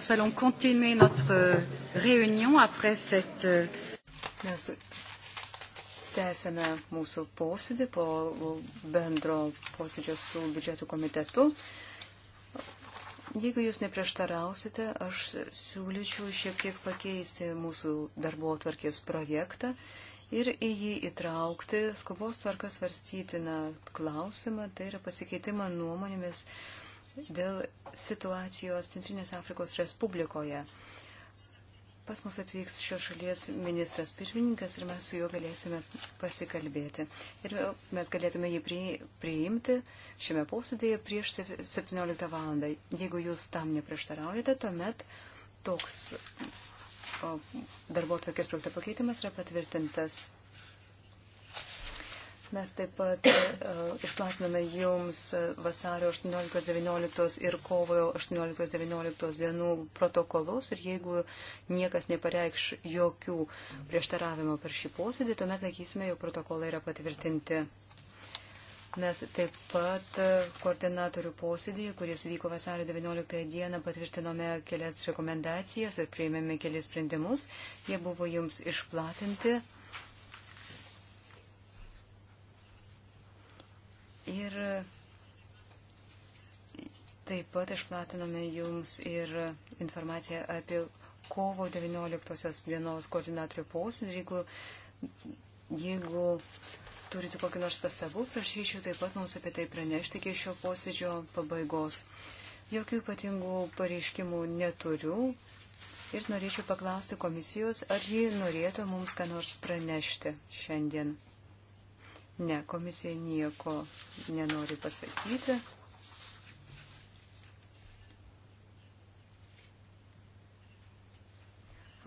Nous allons continuer notre euh, réunion après cette. Euh, Mes tęsėme mūsų posėdį po bendro posėdžio su biudžeto komitetu. Jeigu jūs neprieštarausite, aš siūlyčiau šiek tiek pakeisti mūsų darbo atvarkės projektą ir į jį įtraukti skubos tvarkas svarstytiną klausimą, tai yra pasikeitimą nuomonėmis dėl situacijos Centrinės Afrikos Respublikoje. Pas mus atvyks šios šalies ministras pirmininkas ir mes su juo galėsime pasikalbėti. Ir mes galėtume jį priimti šiame posėdėje prieš 17 valandą. Jeigu jūs tam neprieštaraujate, tuomet toks darbo atvarkės projekto pakeitimas yra patvirtintas. Mes taip pat e, išplatinome jums e, vasario 18-19 ir kovo 18-19 dienų protokolus ir jeigu niekas nepareikš jokių prieštaravimo per šį posėdį, tuomet laikysime, jog protokolai yra patvirtinti. Mes taip pat e, koordinatorių posėdį, kuris vyko vasario 19 dieną, patvirtinome kelias rekomendacijas ir priėmėme kelias sprendimus. Jie buvo jums išplatinti. Ir taip pat išplatinome jums ir informaciją apie kovo 19 dienos koordinatorių posėdį. Jeigu, jeigu turite kokį nors pastabų, prašyčiau taip pat mums apie tai pranešti iki šio posėdžio pabaigos. Jokių ypatingų pareiškimų neturiu ir norėčiau paklausti komisijos, ar ji norėtų mums ką nors pranešti šiandien. Ne, komisija nieko nenori pasakyti.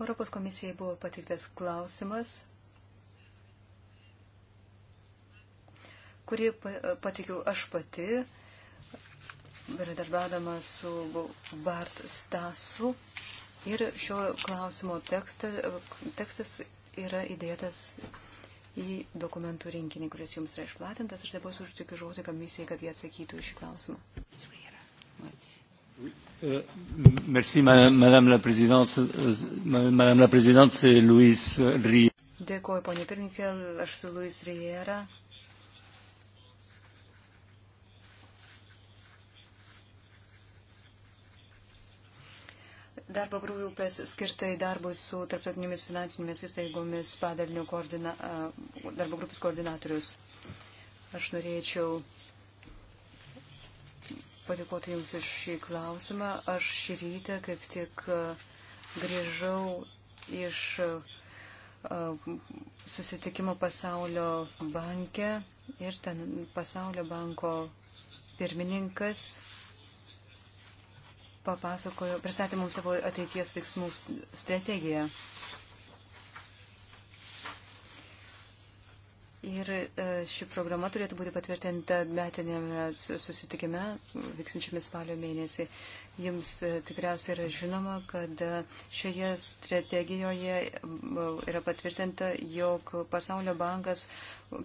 Europos komisijai buvo pateiktas klausimas, kurį patikiu aš pati, bendradarbiaudama su Bart Stasu. Ir šio klausimo tekstas, tekstas yra įdėtas į dokumentų rinkinį, kuris jums yra išplatintas. Aš dabar užtikiu žodį komisijai, kad jie atsakytų iš klausimą. Euh, merci, madame la présidente. Euh, madame la présidente, c'est Louis Riera. Dėkuoju, ponė pirmininkė, aš su Louis Riera. darbo grupės skirtai darbui su tarptautinėmis finansinėmis įstaigomis padalinio koordina, darbo grupės koordinatorius. Aš norėčiau padėkoti Jums už šį klausimą. Aš šį rytą kaip tik grįžau iš susitikimo pasaulio banke ir ten pasaulio banko pirmininkas papasakojo, pristatė mums savo ateities veiksmų strategiją. Ir e, ši programa turėtų būti patvirtinta metinėme susitikime, vyksinčiame spalio mėnesį. Jums e, tikriausiai yra žinoma, kad e, šioje strategijoje yra patvirtinta, jog Pasaulio bankas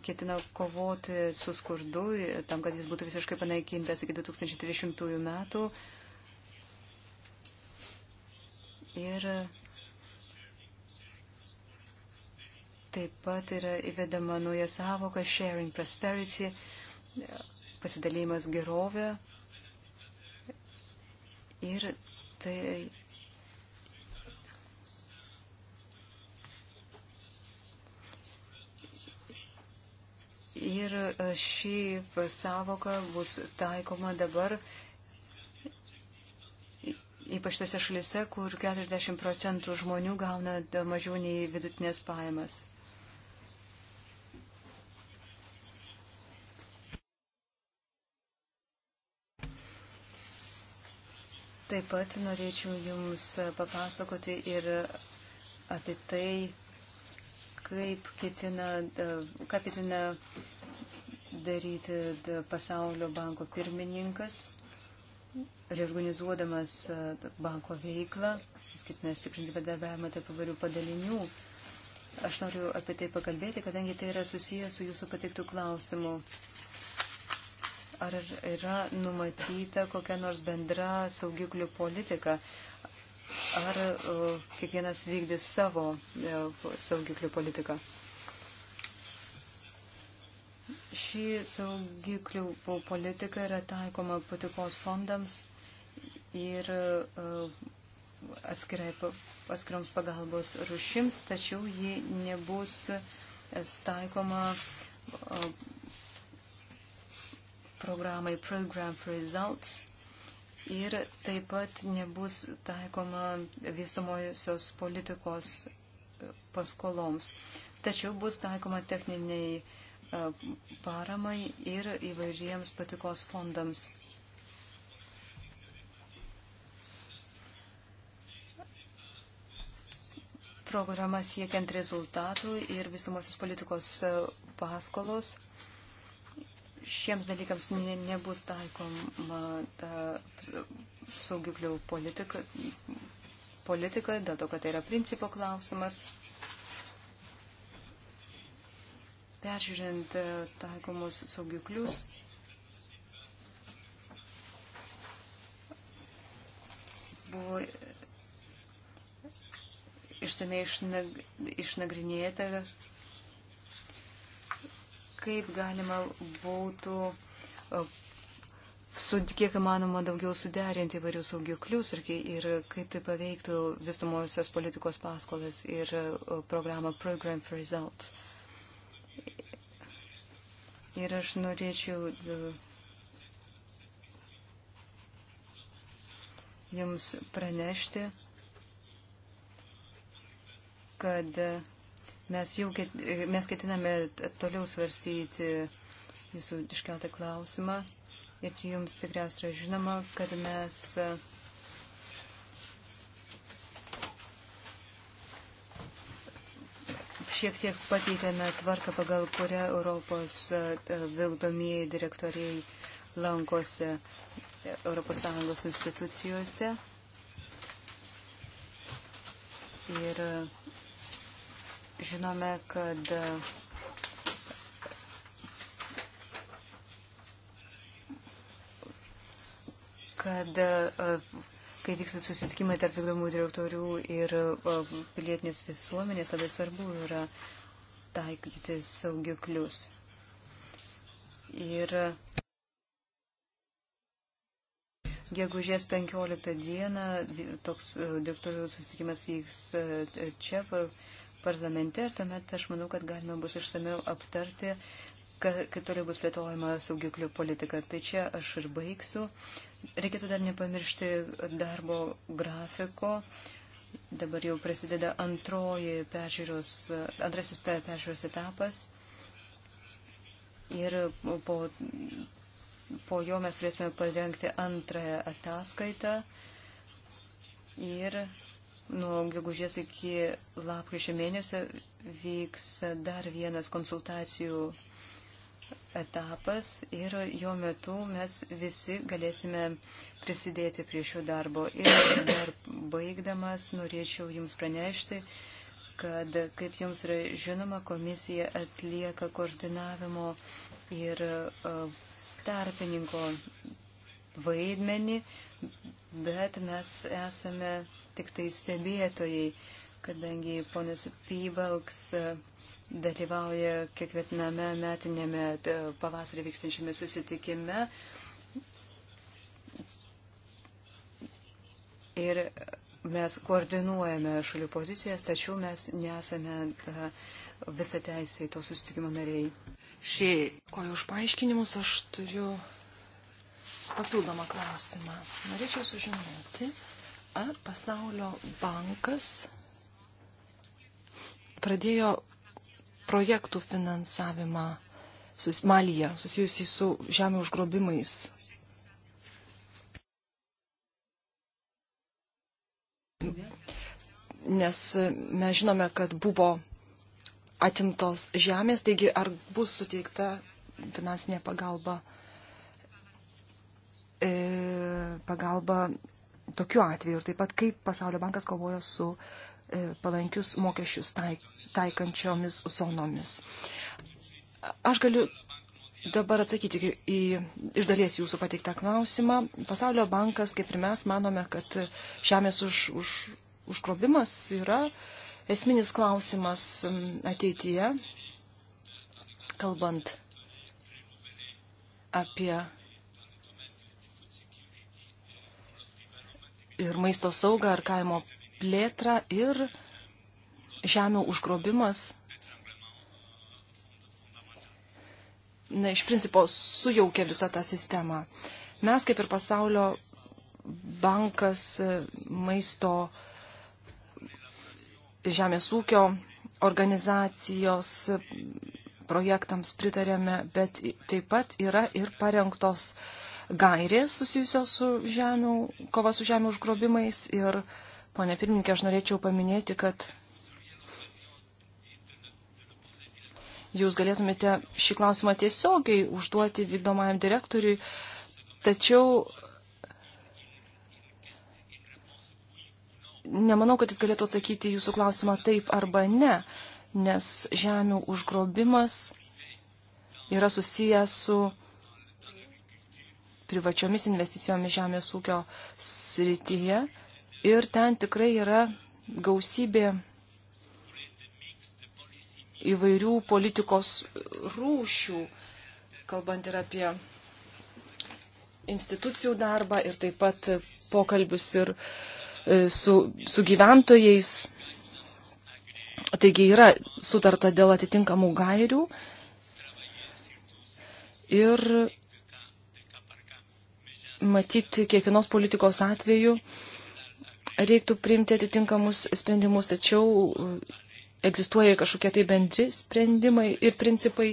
ketina kovoti su skurdu tam, kad jis būtų visiškai panaikintas iki 2030 metų. Ir taip pat yra įvedama nauja savoka sharing prosperity, pasidalymas gerovė. Ir tai. Ir e, ši savoka bus taikoma dabar uh, ypač tose šalise, kur 40 procentų žmonių gauna mažiau nei vidutinės pajamas. Taip pat norėčiau Jums papasakoti ir apie tai, kaip ketina, ką ketina daryti pasaulio banko pirmininkas reorganizuodamas e, banko veiklą, skirtinę stiprinti bendarbiavimą tarp įvairių padalinių. Aš noriu apie tai pakalbėti, kadangi tai yra susijęs su jūsų patiktų klausimu. Ar yra numatyta kokia nors bendra saugiklių politika? Ar o, e, kiekvienas vykdys savo o, e, saugiklių politiką? Šį saugiklių politiką yra taikoma patikos fondams ir uh, atskirai, atskiroms pagalbos rušims, tačiau ji nebus uh, taikoma uh, programai Program for Results ir taip pat nebus taikoma vystomosios politikos paskoloms. Tačiau bus taikoma techniniai E, paramai ir įvairiems patikos fondams. Programa siekiant rezultatų ir visumosios politikos e, paskolos. Šiems dalykams ne, nebus taikoma ta saugiklių politika, politika, dėl to, kad tai yra principo klausimas. peržiūrint e, taikomus saugiklius. Buvo išsamei išnag, išnagrinėta, kaip galima būtų e, su, kiek įmanoma daugiau suderinti įvairius saugiklius ir, ir kaip tai paveiktų visumosios politikos paskolas ir e, programą Program for Results. Ir aš norėčiau e, Jums pranešti, kad e, mes jau ket, e, mes ketiname toliau svarstyti Jūsų iškeltą klausimą. Ir jums tikriausiai yra žinoma, kad mes šiek tiek pakeitėme tvarką, pagal kurią Europos e, vildomieji direktoriai lankosi ES institucijose. Ir e, žinome, kad e, kad kai vyksta susitikimai tarp vykdomų direktorių ir pilietinės visuomenės, labai svarbu yra taikyti saugiklius. Ir gegužės 15 dieną toks e, direktorių susitikimas vyks e, čia parlamente ir tuomet aš manau, kad galima bus išsameu aptarti uh, kaip toliau bus plėtojama saugiklių politika. Tai čia aš ir baigsiu. Reikėtų dar nepamiršti darbo grafiko. Dabar jau prasideda antroji peržiūros, antrasis peržiūros etapas. Ir po, po jo mes turėtume parengti antrąją ataskaitą. Ir nuo gegužės iki lapkričio mėnesio vyks dar vienas konsultacijų etapas ir jo metu mes visi galėsime prisidėti prie šio darbo. Ir dar baigdamas norėčiau Jums pranešti, kad, kaip Jums yra žinoma, komisija atlieka koordinavimo ir tarpininko vaidmenį, bet mes esame tik tai stebėtojai, kadangi ponas Pybalks. Uh, dalyvauja kiekviename metinėme e, pavasarį vykstančiame susitikime. Ir mes koordinuojame šalių pozicijas, tačiau mes nesame visą teisę į to susitikimo nariai. Šį, ko už paaiškinimus, aš turiu papildomą klausimą. Norėčiau sužinoti, ar pasaulio bankas pradėjo projektų finansavimą sus, Malyje susijusį su žemė užgrobimais. Nes mes žinome, kad buvo atimtos žemės, taigi ar bus suteikta finansinė pagalba, e, pagalba tokiu atveju ir taip pat kaip Pasaulio bankas kovoja su E, palankius mokesčius taik, taikančiomis zonomis. Aš galiu dabar atsakyti į iš dalies jūsų pateiktą klausimą. Pasaulio bankas, kaip ir mes, manome, kad žemės už, už, užgrobimas yra esminis klausimas ateityje, kalbant apie ir maisto saugą ar kaimo plėtra ir žemė užgrobimas. Na, iš principo sujaukia visą tą sistemą. Mes, kaip ir pasaulio bankas, maisto, žemės ūkio organizacijos projektams pritarėme, bet taip pat yra ir parengtos gairės susijusios su žemių, kova su žemė užgrobimais ir uh, Pone pirmininkė, aš norėčiau paminėti, kad jūs galėtumėte šį klausimą tiesiogiai užduoti vykdomajam direktoriui, tačiau nemanau, kad jis galėtų atsakyti jūsų klausimą taip arba ne, nes žemių užgrobimas yra susijęs su privačiomis investicijomis žemės ūkio srityje ir ten tikrai yra gausybė įvairių politikos rūšių, kalbant ir apie institucijų darbą ir taip pat pokalbius ir e, su, su gyventojais. Taigi yra sutarta dėl atitinkamų gairių ir matyti kiekvienos politikos atveju reiktų priimti atitinkamus sprendimus, tačiau e, egzistuoja kažkokie tai bendri sprendimai ir principai,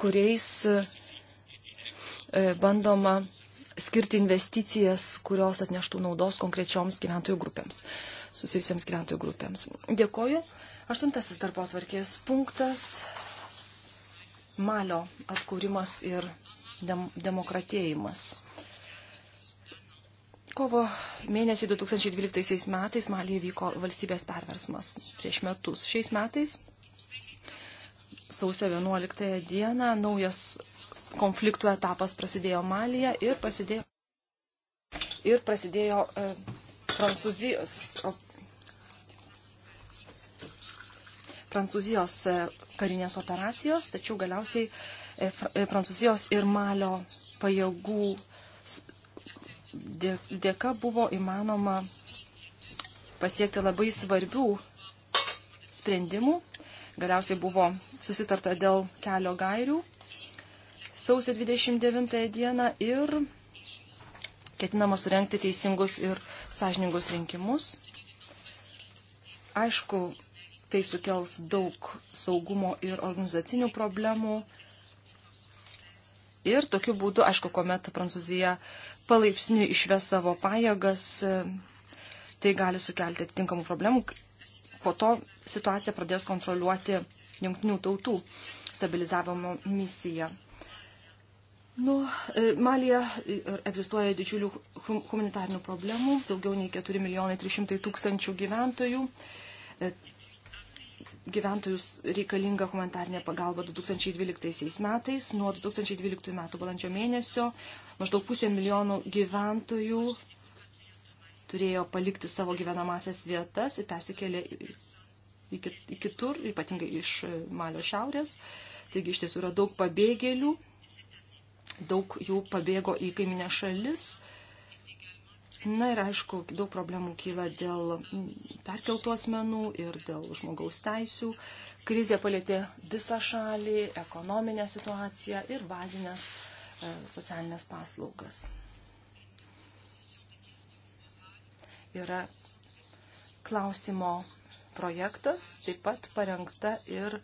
kuriais e, bandoma skirti investicijas, kurios atneštų naudos konkrečioms gyventojų grupėms, susijusiems gyventojų grupėms. Dėkoju. Aštuntasis darbo atvarkės punktas - Malio atkūrimas ir dem demokratėjimas. Kovo mėnesį 2012 metais Malija vyko valstybės perversmas prieš metus. Šiais metais, sausio 11 dieną, naujas konfliktų etapas prasidėjo Malija ir prasidėjo, ir prasidėjo e, Prancūzijos, o, Prancūzijos e, karinės operacijos, tačiau galiausiai e, fr, e, Prancūzijos ir Malio pajėgų dėka buvo įmanoma pasiekti labai svarbių sprendimų. Galiausiai buvo susitarta dėl kelio gairių sausio 29 dieną ir ketinama surenkti teisingus ir sąžiningus rinkimus. Aišku, tai sukels daug saugumo ir organizacinių problemų. Ir tokiu būdu, aišku, kuomet Prancūzija palaipsniui išves savo pajėgas, e, tai gali sukelti atitinkamų problemų. Po to situaciją pradės kontroliuoti jungtinių tautų stabilizavimo misija. Nu, e, Malija egzistuoja didžiulių humanitarnių problemų, daugiau nei 4 milijonai 300 tūkstančių gyventojų. E, gyventojus reikalinga humanitarnė pagalba 2012 metais. Nuo 2012 metų balandžio mėnesio Maždaug pusė milijonų gyventojų turėjo palikti savo gyvenamasias vietas ir persikėlė į kitur, ypatingai iš e, Malio šiaurės. Taigi iš tiesų yra daug pabėgėlių, daug jų pabėgo į kaiminę šalis. Na ir aišku, daug problemų kyla dėl perkeltų asmenų ir dėl žmogaus teisių. Krizė palėtė visą šalį, ekonominę situaciją ir bazinės E, socialinės paslaugas. Yra klausimo projektas, taip pat parengta ir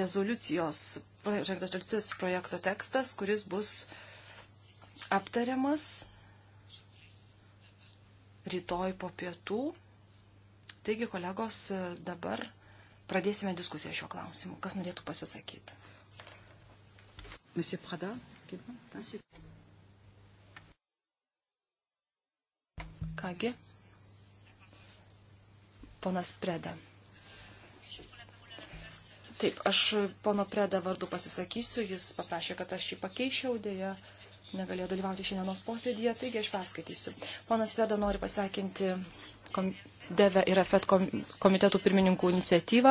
rezoliucijos, parengtas rezoliucijos projekto tekstas, kuris bus aptariamas rytoj po pietų. Taigi, kolegos, dabar pradėsime diskusiją šiuo klausimu. Kas norėtų pasisakyti? Monsieur Prada. Kągi, ponas Preda. Taip, aš pono Preda vardu pasisakysiu, jis paprašė, kad aš jį pakeičiau, dėja negalėjo dalyvauti šiandienos posėdėje, taigi aš perskaitysiu. Ponas Preda nori pasveikinti kom DEVE ir AFET komitetų pirmininkų iniciatyvą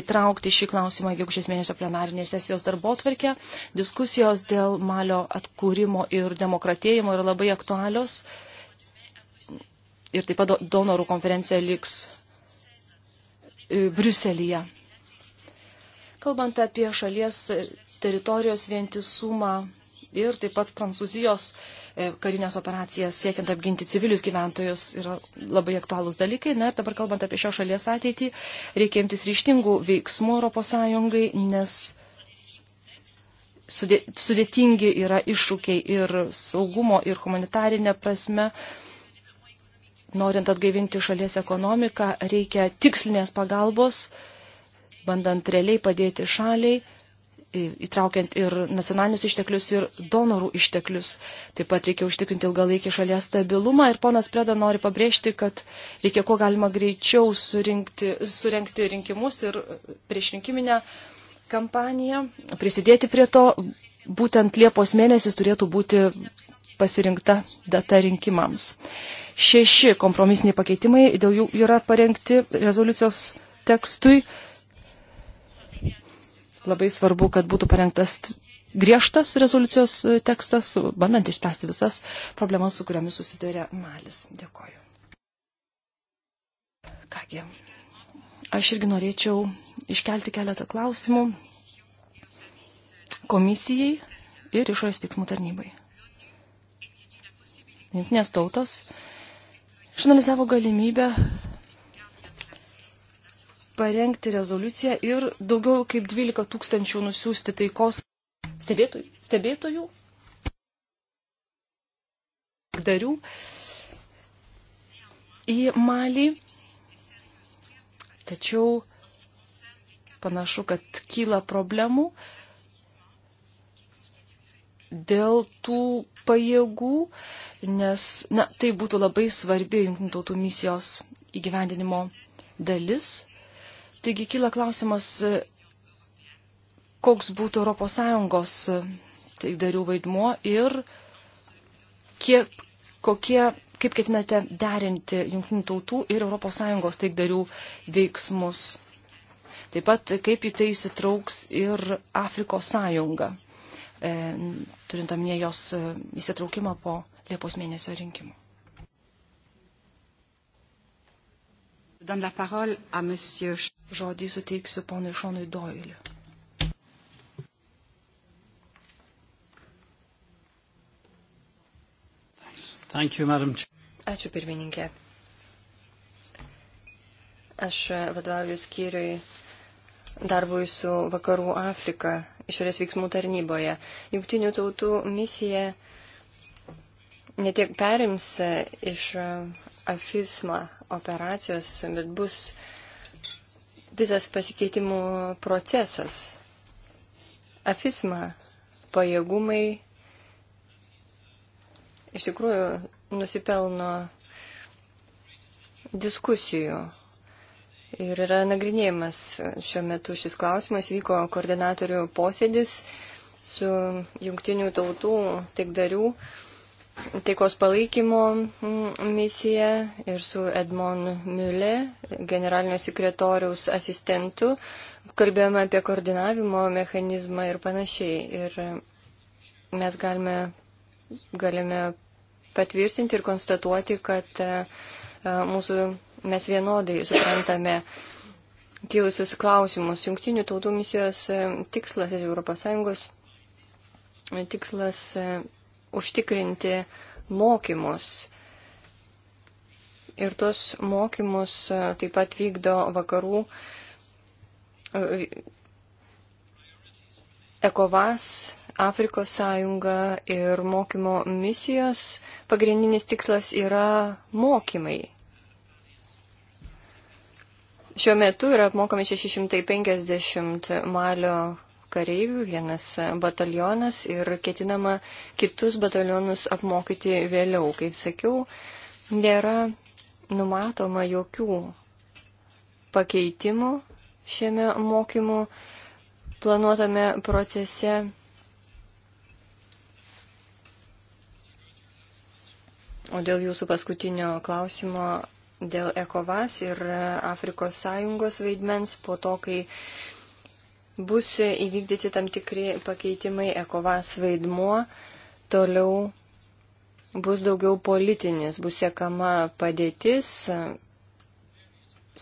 įtraukti šį klausimą gegužės mėnesio plenarinės sesijos darbo tvarkę. Diskusijos dėl malio atkūrimo ir demokratėjimo yra labai aktualios. Ir taip pat donorų konferencija liks e, Briuselyje. Kalbant apie šalies teritorijos vientisumą ir taip pat Prancūzijos e, karinės operacijas siekiant apginti civilius gyventojus yra labai aktualūs dalykai. Na ir dabar kalbant apie šios šalies ateitį, reikia imtis ryštingų veiksmų ES, nes sudėtingi yra iššūkiai ir saugumo, ir humanitarinė prasme. Norint atgaivinti šalies ekonomiką, reikia tikslinės pagalbos, bandant realiai padėti šaliai įtraukiant ir nacionalinius išteklius, ir donorų išteklius. Taip pat reikia užtikrinti ilgalaikį šalies stabilumą ir ponas Preda nori pabrėžti, kad reikia kuo galima greičiau surinkti, surinkti rinkimus ir priešrinkiminę kampaniją, prisidėti prie to. Būtent Liepos mėnesis turėtų būti pasirinkta data rinkimams. Šeši kompromisiniai pakeitimai, dėl jų yra parengti rezoliucijos tekstui Labai svarbu, kad būtų parengtas griežtas rezoliucijos e, tekstas, bandant išspręsti visas problemas, su kuriamis susiduria Malis. Dėkoju. Kągi, aš irgi norėčiau iškelti keletą klausimų komisijai ir išorės veiksmų tarnybai. Jungtinės tautos išanalizavo galimybę parengti rezoliuciją ir daugiau kaip 12 tūkstančių nusiųsti taikos stebėtojų, stebėtojų darių į Malį. Tačiau panašu, kad kyla problemų dėl tų pajėgų, nes na, tai būtų labai svarbi Junktinių tautų misijos įgyvendinimo dalis. Taigi kyla klausimas, koks būtų ES taikdarių vaidmuo ir kiek, kokie, kaip ketinate derinti Junktinių tautų ir ES taikdarių veiksmus. Taip pat kaip į tai įsitrauks ir Afrikos sąjunga, e, turint omenyje jos e, įsitraukimą po Liepos mėnesio rinkimų. Žodį suteiksiu ponui Šonui Doiliu. You, Ačiū pirmininkė. Aš vadovauju skyriui darbui su Vakarų Afrika išorės veiksmų tarnyboje. Jungtinių tautų misija ne tiek perims iš afisma operacijos, bet bus visas pasikeitimų procesas. Afisma pajėgumai iš tikrųjų nusipelno diskusijų. Ir yra nagrinėjimas šiuo metu šis klausimas. Vyko koordinatorių posėdis su jungtinių tautų taikdarių taikos palaikymo mm, misija ir su Edmond Mülle, generalinio sekretoriaus asistentu. Kalbėjome apie koordinavimo mechanizmą ir panašiai. Ir mes galime, galime patvirtinti ir konstatuoti, kad e, mūsų, mes vienodai suprantame kilusius klausimus. Junktinių tautų misijos e, tikslas ir ES e, tikslas užtikrinti mokymus. Ir tuos mokymus e, taip pat vykdo vakarų e, ECOVAS, Afrikos sąjunga ir mokymo misijos. Pagrindinis tikslas yra mokymai. Šiuo metu yra apmokami 650 malio kareivių, vienas batalionas ir ketinama kitus batalionus apmokyti vėliau. Kaip sakiau, nėra numatoma jokių pakeitimų šiame mokymų planuotame procese. O dėl jūsų paskutinio klausimo dėl ECOVAS ir Afrikos sąjungos vaidmens po to, kai bus įvykdyti tam tikri pakeitimai, ekovas vaidmuo toliau bus daugiau politinis, bus sekama padėtis,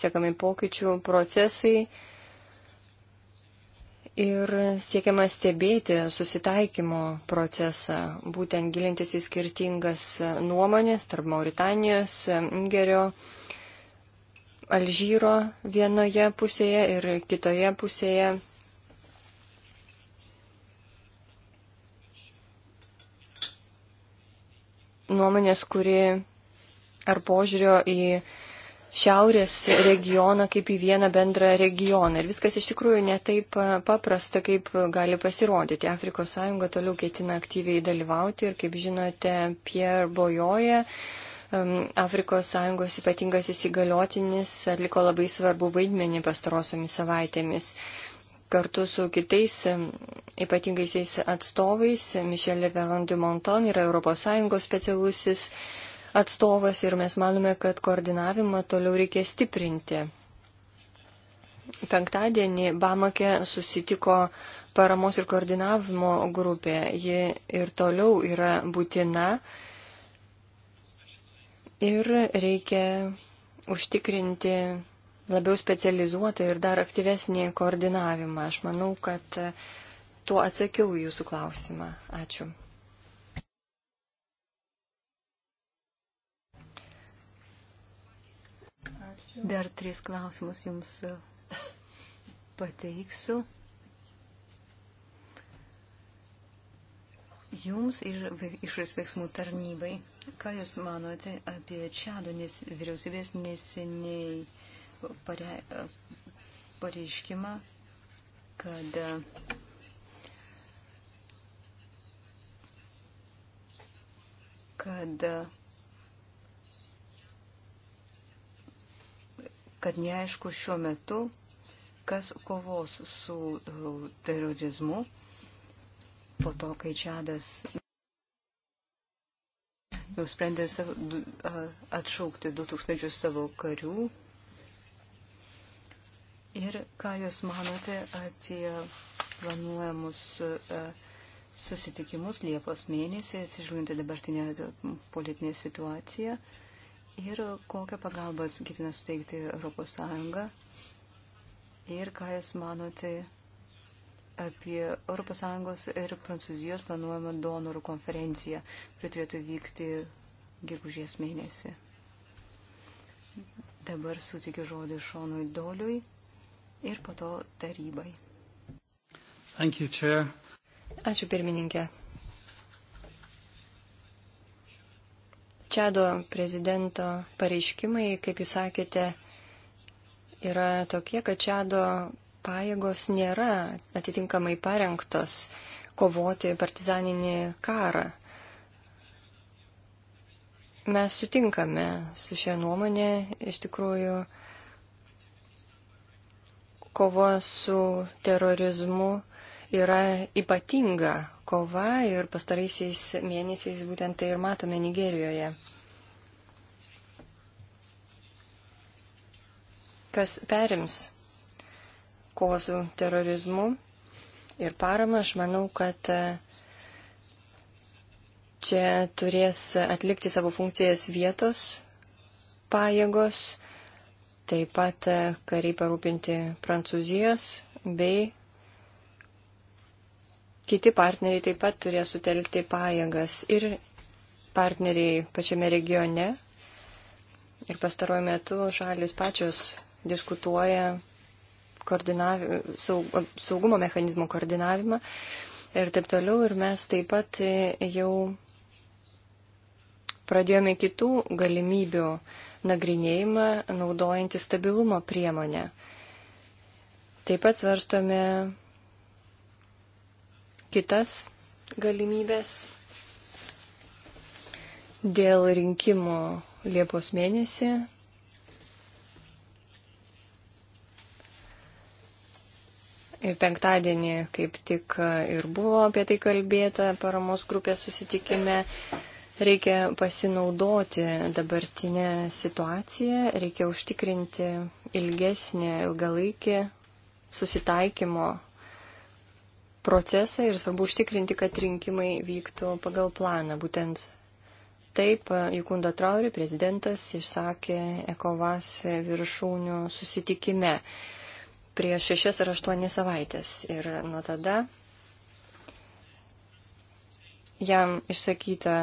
sekami pokyčių procesai ir siekiama stebėti susitaikymo procesą, būtent gilintis į skirtingas nuomonės tarp Mauritanijos, Ingerio, Alžyro vienoje pusėje ir kitoje pusėje nuomonės, kuri ar požiūrio į šiaurės regioną kaip į vieną bendrą regioną. Ir viskas iš tikrųjų netaip e, paprasta, kaip gali pasirodyti. Afrikos sąjunga toliau ketina aktyviai dalyvauti ir, kaip žinote, Pierre Bojoje. Afrikos sąjungos ypatingas įsigaliotinis atliko labai svarbu vaidmenį pastarosiomis savaitėmis. Uh, kartu su kitais ypatingaisiais atstovais. Mišelė Verlandu Monton yra ES specialusis atstovas ir mes manome, kad koordinavimą toliau reikia stiprinti. Penktadienį Bamake susitiko paramos ir koordinavimo grupė. Ji ir toliau yra būtina ir reikia užtikrinti labiau specializuotą ir dar aktyvesnį koordinavimą. Aš manau, kad e, tuo atsakiau jūsų klausimą. Ačiū. Ačiū. Dar tris klausimus jums e, pateiksiu. Jums ir išorės veiksmų tarnybai. Ką Jūs manote apie Čado vyriausybės neseniai uh, pare, pareiškimą, kad kad kad neaišku šiuo metu, kas kovos su uh, terorizmu po to, kai Čadas nusprendė uh, atšaukti 2000 savo karių Ir ką Jūs manote apie planuojamus e, susitikimus Liepos mėnesį, atsižvelgiant į dabartinę politinę situaciją? Ir kokią pagalbą ketina suteikti ES? Ir ką Jūs manote apie ES ir Prancūzijos planuojamą donorų konferenciją, kuri turėtų vykti gegužės mėnesį. Dabar sutikiu žodį Šonui Doliui, ir po to tarybai. Thank you, Chair. Ačiū pirmininkė. Čado prezidento pareiškimai, kaip jūs sakėte, yra tokie, kad Čado pajėgos nėra atitinkamai parengtos kovoti partizaninį karą. Mes sutinkame su šia nuomonė, iš tikrųjų, kova su terorizmu yra ypatinga kova ir pastaraisiais mėnesiais būtent tai ir matome Nigerijoje. Kas perims kovą su terorizmu ir paramą, aš manau, kad e, čia turės atlikti savo funkcijas vietos pajėgos taip pat e, kariai parūpinti Prancūzijos bei kiti partneriai taip pat turės sutelkti pajėgas ir partneriai pačiame regione. Ir pastaruoju metu šalis pačios diskutuoja koordinav... saug... saugumo mechanizmų koordinavimą ir taip toliau. Ir mes taip pat e, jau Pradėjome kitų galimybių nagrinėjimą naudojantį stabilumo priemonę. Taip pat svarstome kitas galimybės dėl rinkimų Liepos mėnesį. Ir penktadienį kaip tik ir buvo apie tai kalbėta paramos grupės susitikime. Reikia pasinaudoti dabartinę situaciją, reikia užtikrinti ilgesnį, ilgalaikį susitaikymo procesą ir svarbu užtikrinti, kad rinkimai vyktų pagal planą. Būtent taip e, Jukunda Trauri prezidentas išsakė Ekovas viršūnių susitikime prieš šešias ar aštuonias savaitės. Ir nuo tada jam išsakyta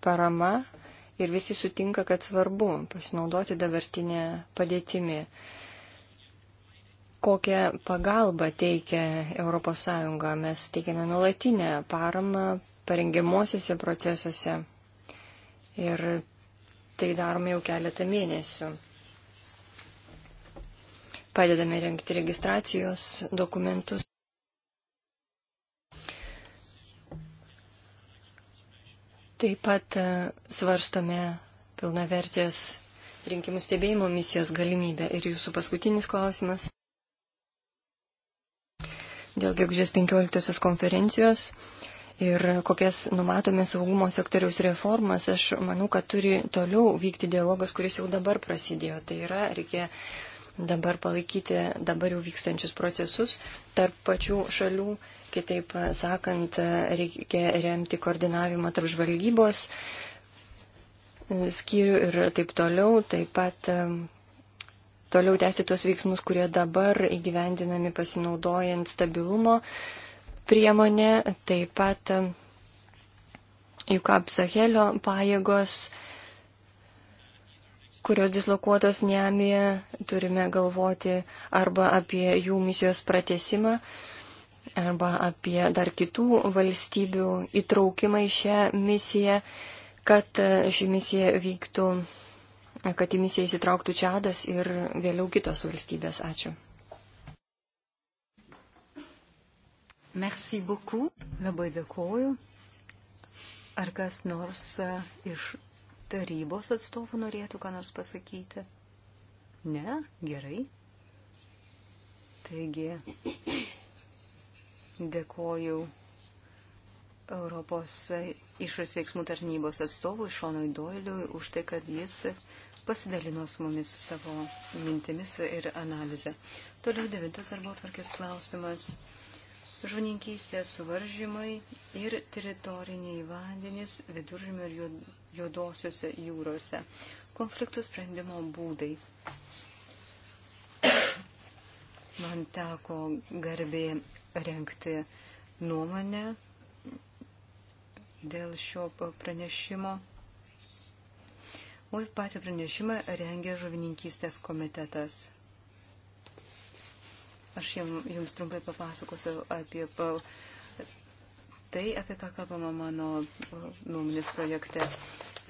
parama ir visi sutinka, kad svarbu pasinaudoti dabartinę padėtimi. Kokią pagalbą teikia ES? Mes teikiame nuolatinę paramą parengiamuosiuose procesuose ir tai darome jau keletą mėnesių. Padedame renkti registracijos dokumentus. Taip pat e, svarstome pilnavertės rinkimų stebėjimo misijos galimybę. Ir jūsų paskutinis klausimas. Dėl gegužės 15 konferencijos ir kokias numatome saugumo sektoriaus reformas, aš manau, kad turi toliau vykti dialogas, kuris jau dabar prasidėjo. Tai yra, reikia dabar palaikyti dabar jau vykstančius procesus tarp pačių šalių Kitaip sakant, reikia remti koordinavimą tarp žvalgybos skyrių ir taip toliau. Taip pat toliau tęsti tuos veiksmus, kurie dabar įgyvendinami pasinaudojant stabilumo priemonė. Taip pat juk apsahelio pajėgos kurios dislokuotos Nemėje, turime galvoti arba apie jų misijos pratesimą, arba apie dar kitų valstybių įtraukimą į šią misiją, kad e, ši misija vyktų, kad į misiją įsitrauktų Čadas ir vėliau kitos valstybės. Ačiū. Merci beaucoup. Labai dėkoju. Ar kas nors e, iš tarybos atstovų norėtų ką nors pasakyti? Ne? Gerai. Taigi, Dėkoju Europos išorės veiksmų tarnybos atstovui Šonui Doiliui už tai, kad jis pasidalino su mumis savo mintimis ir analizę. Toliau devintas darbo tvarkės klausimas. Žuninkystės suvaržymai ir teritoriniai vandenys viduržymio ir juodosiuose jūrose. Konfliktų sprendimo būdai. Man teko garbė renkti nuomonę dėl šio pranešimo. O ir patį pranešimą rengia žuvininkystės komitetas. Aš jums trumpai papasakosiu apie tai, apie ką kalbama mano nuomonės projekte.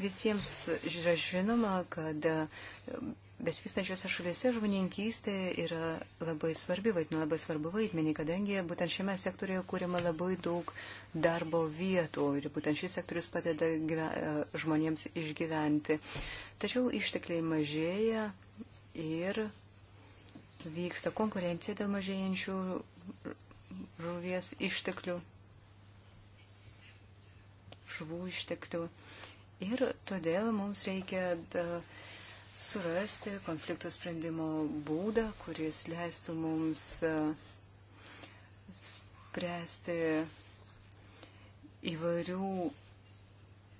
Visiems yra žinoma, kad besivystančiose šalyse žuvininkystė yra labai svarbi vaidmenį, labai svarbu vaidmenį, kadangi būtent šiame sektoriuje kūrima labai daug darbo vietų ir būtent šis sektorius padeda gyven, e, žmonėms išgyventi. Tačiau ištekliai mažėja ir vyksta konkurencija dėl mažėjančių žuvies išteklių, žuvų išteklių. Ir todėl mums reikia da, uh, surasti konfliktų sprendimo būdą, kuris leistų mums e, spręsti įvairių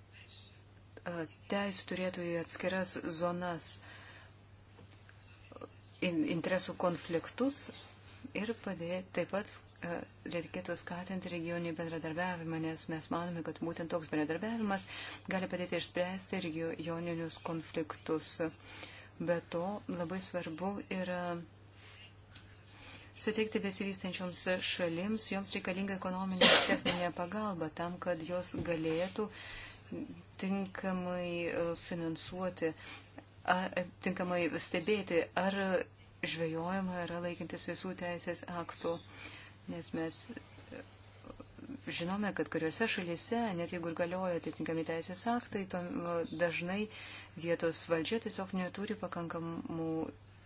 e, teisų turėtojų atskiras zonas interesų konfliktus ir padėti taip pat E, reikėtų skatinti regioninį bendradarbiavimą, nes mes manome, kad būtent toks bendradarbiavimas gali padėti išspręsti regioninius konfliktus. Be to labai svarbu yra suteikti besivystančioms šalims, joms reikalinga ekonominė ir techninė pagalba tam, kad jos galėtų tinkamai e, finansuoti, e, tinkamai stebėti, ar žvejojama yra laikintis visų teisės aktų nes mes e, žinome, kad kuriuose šalyse, net jeigu ir galioja atitinkami teisės aktai, to, dažnai vietos valdžia tiesiog neturi pakankamų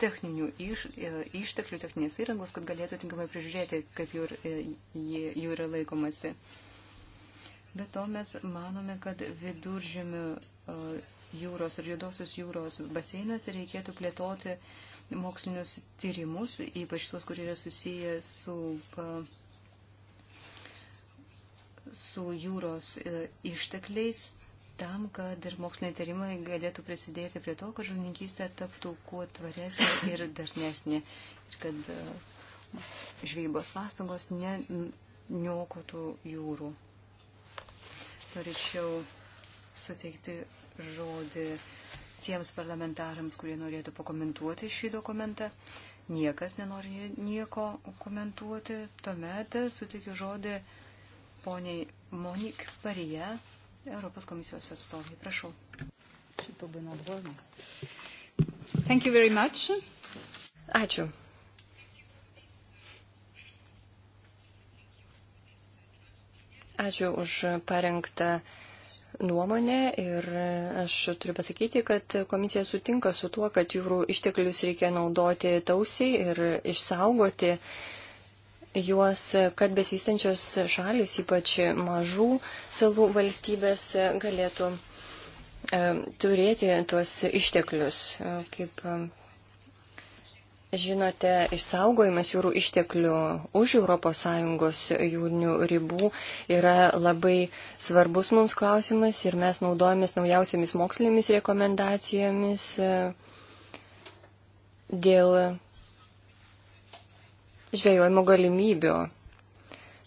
techninių iš, e, išteklių, techninės įrangos, kad galėtų tinkamai prižiūrėti, kaip jų, e, jų yra laikomasi. Be to mes manome, kad viduržėmių jūros ir juodosios jūros baseinuose reikėtų plėtoti uh, mokslinius tyrimus, ypač tuos, kurie yra susiję su, su jūros e, ištekliais, tam, kad ir moksliniai tyrimai galėtų prisidėti prie to, kad žuvininkystė taptų kuo tvaresnė ir darnesnė ir kad e, žvejybos pastangos neniokotų jūrų. Norėčiau suteikti žodį tiems parlamentarams, kurie norėtų pakomentuoti šį dokumentą. Niekas nenori nieko komentuoti. Tuomet sutikiu žodį poniai Monik Parija, Europos komisijos atstovai. Prašau. Ačiū. Ačiū už parengtą nuomonę ir aš turiu pasakyti, kad komisija sutinka su tuo, kad jūrų išteklius reikia naudoti tausiai ir išsaugoti juos, kad besistenčios šalis, ypač mažų salų valstybės, galėtų e, turėti tuos išteklius, e, kaip žinote, išsaugojimas jūrų išteklių už ES jūrinių ribų yra labai svarbus mums klausimas ir mes naudojamės naujausiamis mokslinėmis rekomendacijomis e, dėl žvejojimo galimybių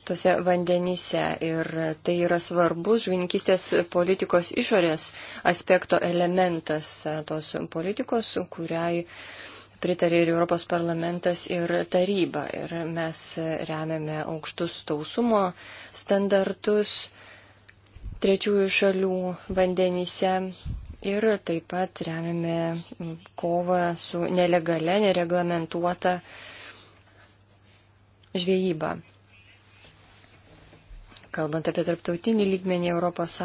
tose vandenyse. Ir tai yra svarbus žvininkistės politikos išorės aspekto elementas e, tos politikos, kuriai pritarė ir Europos parlamentas, ir taryba. Ir mes remiame aukštus tausumo standartus trečiųjų šalių vandenyse. Ir taip pat remiame kovą su nelegale, nereglamentuota žvejyba. Kalbant apie tarptautinį lygmenį, ES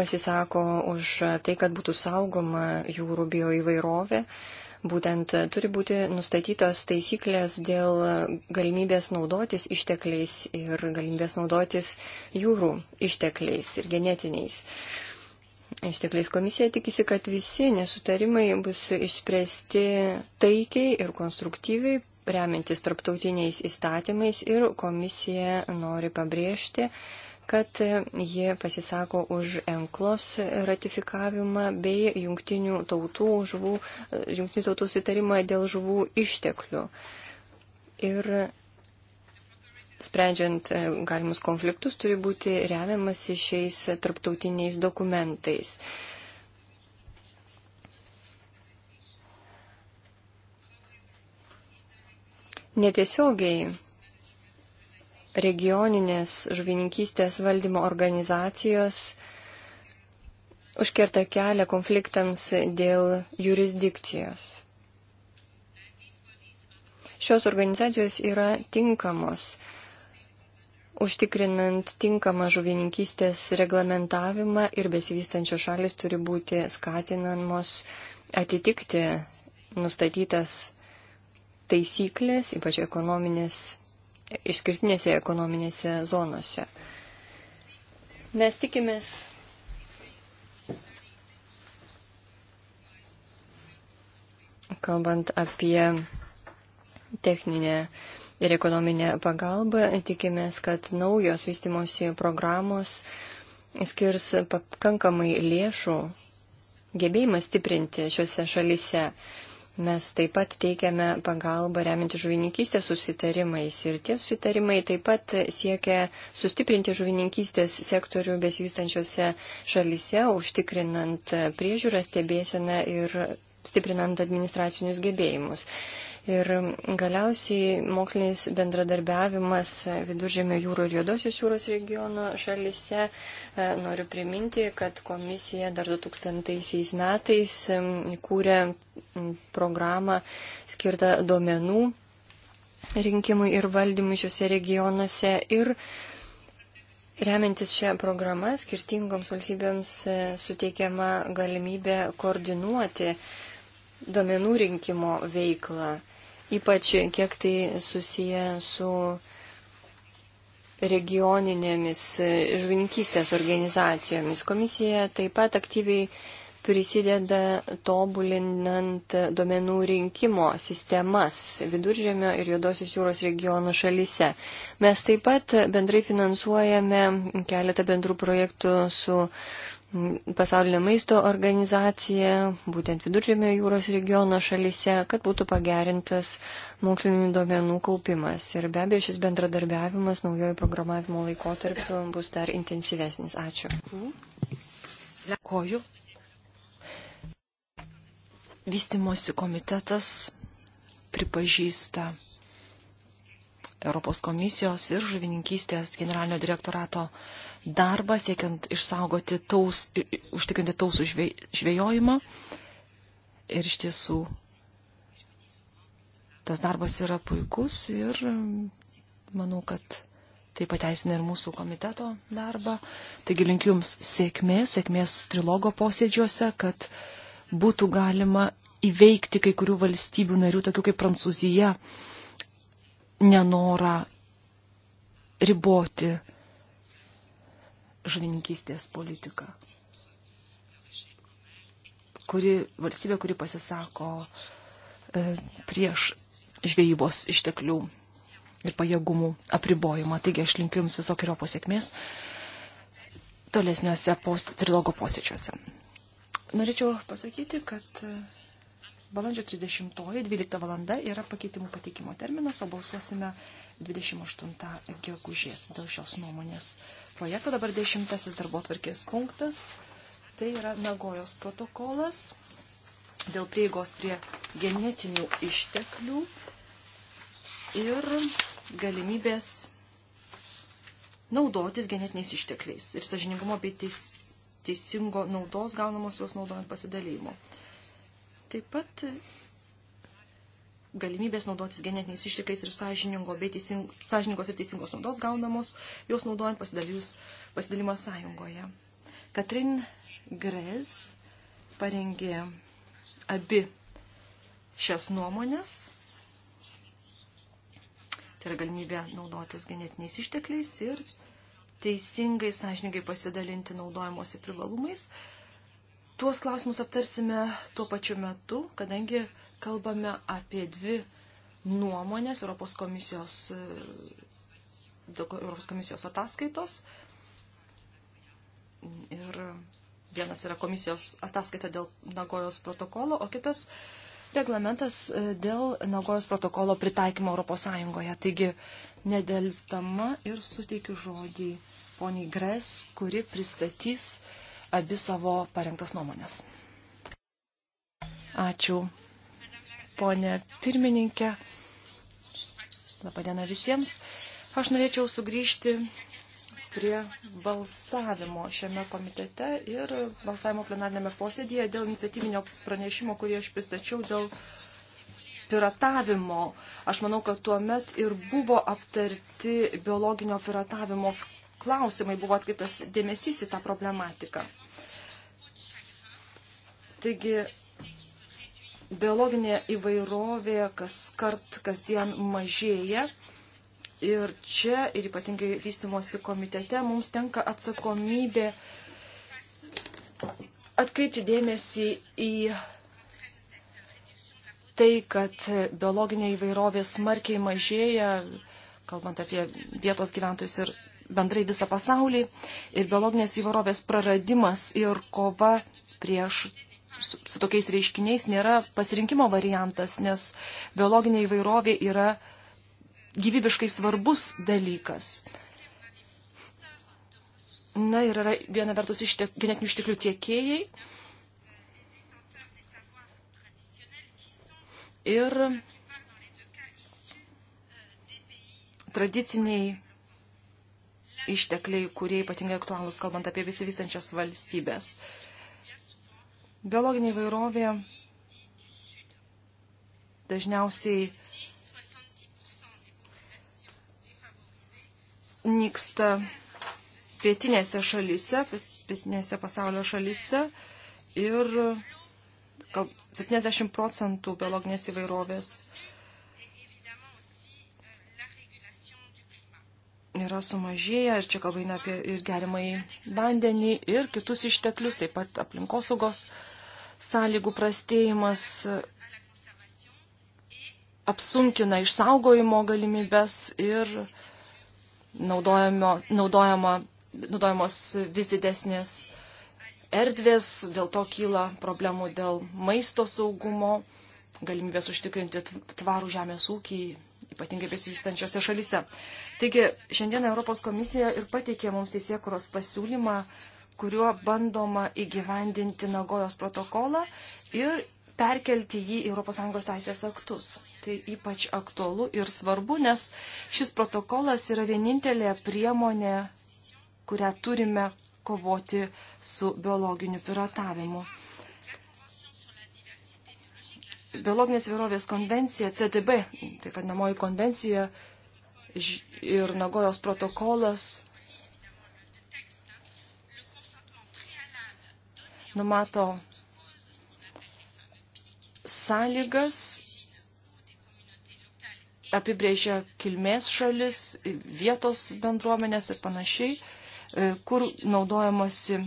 pasisako už tai, kad būtų saugoma jūrų bioįvairovė. Būtent turi būti nustatytos taisyklės dėl galimybės naudotis ištekliais ir galimybės naudotis jūrų ištekliais ir genetiniais. Ištekliais komisija tikisi, kad visi nesutarimai bus išspręsti taikiai ir konstruktyviai, remiantis tarptautiniais įstatymais ir komisija nori pabrėžti, kad ji pasisako už enklos ratifikavimą bei jungtinių tautų, žuvų, jungtinių tautų sutarimą dėl žuvų išteklių. Ir sprendžiant e, galimus konfliktus turi būti remiamas šiais tarptautiniais dokumentais. Netiesiogiai regioninės žuvininkystės valdymo organizacijos užkerta kelią konfliktams dėl jurisdikcijos. Šios organizacijos yra tinkamos, užtikrinant tinkamą žuvininkystės reglamentavimą ir besivystančios šalis turi būti skatinamos atitikti nustatytas taisyklės, ypač ekonominės išskirtinėse ekonominėse zonose. Mes tikimės kalbant apie techninę ir ekonominę pagalbą, tikimės, kad naujos vystimosi programos skirs pakankamai lėšų gebėjimą stiprinti šiuose šalise. Mes taip pat teikiame pagalbą remiantį žuvininkystės susitarimais ir tie susitarimai taip pat siekia sustiprinti žuvininkystės sektorių besivystančiose šalise, užtikrinant priežiūrą, stebėseną ir stiprinant administracinius gebėjimus. Ir galiausiai mokslinis bendradarbiavimas Viduržėmio jūro ir Juodosios jūros regiono šalise. E, noriu priminti, kad komisija dar 2000 metais įkūrė programą skirtą duomenų rinkimui ir valdymui šiuose regionuose. Ir Remiantis šią programą, skirtingoms valstybėms e, suteikiama galimybė koordinuoti uh, duomenų rinkimo veiklą, ypač kiek tai susiję su regioninėmis žvininkystės organizacijomis. Komisija taip pat aktyviai prisideda tobulinant domenų rinkimo sistemas Viduržėmio ir Juodosios jūros regionų šalyse. Mes taip pat bendrai finansuojame keletą bendrų projektų su pasaulinė maisto organizacija, būtent viduržėmio jūros regiono šalise, kad būtų pagerintas mokslinių duomenų kaupimas. Ir be abejo, šis bendradarbiavimas naujojo programavimo laikotarpiu bus dar intensyvesnis. Ačiū. Dėkoju. Vystimosi komitetas pripažįsta Europos komisijos ir žuvininkystės generalinio direktorato uh, darbą, siekiant išsaugoti taus, užtikrinti tausų žvėjojimą. Ir iš tiesų tas darbas yra puikus ir manau, kad tai pateisina ir mūsų komiteto darbą. Taigi linkiu Jums sėkmės, sėkmės trilogo posėdžiuose, kad būtų galima įveikti kai kurių valstybių narių, tokių kaip Prancūzija, nenorą riboti žuvininkystės politiką, kuri valstybė, kuri pasisako e, prieš žvejybos išteklių ir pajėgumų apribojimą. Taigi aš linkiu Jums visokio pasiekmės tolesniuose pos, trilogo posėdžiuose. Norėčiau pasakyti, kad balandžio 30-oji 12 valanda yra pakeitimų pateikimo terminas, o balsuosime 28 gegužės dėl šios nuomonės projekto. Dabar 10 darbo tvarkės punktas. Tai yra Nagojos protokolas dėl prieigos prie genetinių išteklių ir galimybės naudotis genetiniais ištekliais ir sažiningumo bei teis, teisingo naudos gaunamos juos naudojant pasidalymo. Taip pat galimybės naudotis genetiniais ištekliais ir sąžiningos ir teisingos naudos gaunamos, jos naudojant pasidalimą sąjungoje. Katrin Grez parengė abi šias nuomonės. Tai yra galimybė naudotis genetiniais ištekliais ir teisingai, sąžiningai pasidalinti naudojimuose privalumais. Uh, Tuos klausimus aptarsime tuo pačiu metu, kadangi kalbame apie dvi nuomonės Europos komisijos, e, Europos komisijos ataskaitos. Ir vienas yra komisijos ataskaita dėl Nagojos protokolo, o kitas reglamentas e, dėl Nagojos protokolo pritaikymo Europos Sąjungoje. Taigi, nedėlstama ir suteikiu žodį poniai Gres, kuri pristatys uh, abi savo parengtas nuomonės. Ačiū, ponė pirmininkė. Labadiena visiems. Aš norėčiau sugrįžti prie balsavimo šiame komitete ir balsavimo plenarnėme posėdėje dėl iniciatyvinio pranešimo, kurį aš pristačiau dėl piratavimo. Aš manau, kad tuo met ir buvo aptarti biologinio piratavimo klausimai, buvo atkreiptas dėmesys į tą problematiką. Taigi, biologinė įvairovė kas kart, kasdien mažėja. Ir čia, ir ypatingai vystimosi komitete, mums tenka atsakomybė atkreipti dėmesį į tai, kad biologinė įvairovė smarkiai mažėja, kalbant apie vietos gyventojus ir bendrai visą pasaulį, ir biologinės įvairovės praradimas ir kova prieš su, su tokiais reiškiniais nėra pasirinkimo variantas, nes biologinė įvairovė yra gyvybiškai svarbus dalykas. Na ir yra viena vertus ištek, genetinių išteklių tiekėjai. Ir tradiciniai ištekliai, kurie ypatingai aktualūs, kalbant apie besivystančias valstybės. Uh, Biologinė įvairovė dažniausiai nyksta pietinėse šalyse, pietinėse pasaulio šalyse ir 70 procentų biologinės įvairovės yra sumažėję ir čia kalba eina apie ir gerimai vandenį ir kitus išteklius, taip pat aplinkosaugos saugos sąlygų prastėjimas apsunkina išsaugojimo galimybės ir naudojamo, naudojama, naudojamos vis didesnės erdvės, dėl to kyla problemų dėl maisto saugumo, galimybės užtikrinti tvarų žemės ūkį, ypatingai besivystančiose šalyse. Taigi šiandien Europos komisija ir pateikė mums teisėkuros pasiūlymą kuriuo bandoma įgyvendinti Nagojos protokolą ir perkelti jį į ES teisės aktus. Tai ypač aktualu ir svarbu, nes šis protokolas yra vienintelė priemonė, kurią turime kovoti su biologiniu piratavimu. Biologinės vyrovės konvencija, CTB, taip vadinamoji konvencija ir Nagojos protokolas numato sąlygas, apibrėžia kilmės šalis, vietos bendruomenės ir panašiai, e, kur naudojamasi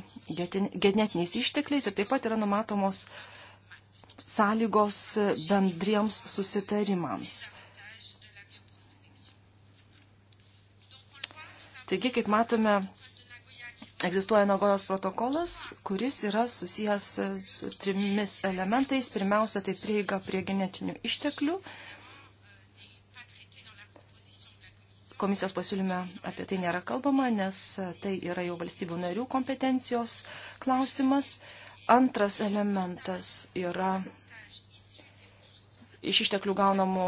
genetiniais ištekliais ir taip pat yra numatomos sąlygos bendriems susitarimams. Taigi, kaip matome, egzistuoja Nagojos protokolas, kuris yra susijęs su trimis elementais. Pirmiausia, tai prieiga prie genetinių išteklių. Komisijos pasiūlyme apie tai nėra kalbama, nes tai yra jau valstybių narių kompetencijos klausimas. Antras elementas yra iš išteklių gaunamų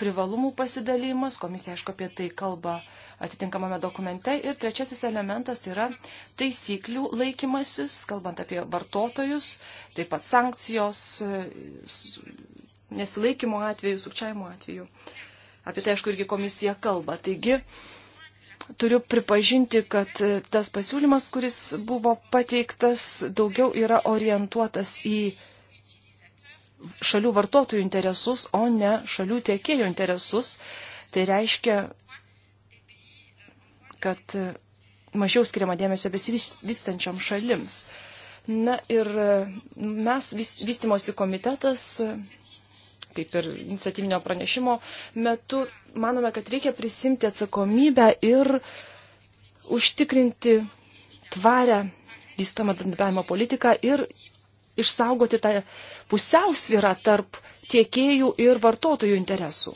privalumų pasidalymas, komisija aišku apie tai kalba atitinkamame dokumente. Ir trečiasis elementas tai yra taisyklių laikymasis, kalbant apie vartotojus, taip pat sankcijos nesilaikymo atveju, sukčiavimo atveju. Apie tai aišku irgi komisija kalba. Taigi, turiu pripažinti, kad tas pasiūlymas, kuris buvo pateiktas, daugiau yra orientuotas į šalių vartotojų interesus, o ne šalių tiekėjų interesus. Tai reiškia, kad mažiau skiriama dėmesio besivystančiam šalims. Na ir mes, vystimosi komitetas, kaip ir iniciatyvinio pranešimo metu, manome, kad reikia prisimti atsakomybę ir užtikrinti tvarę vystomą bendradarbiavimo politiką ir išsaugoti tą pusiausvyrą tarp tiekėjų ir vartotojų interesų.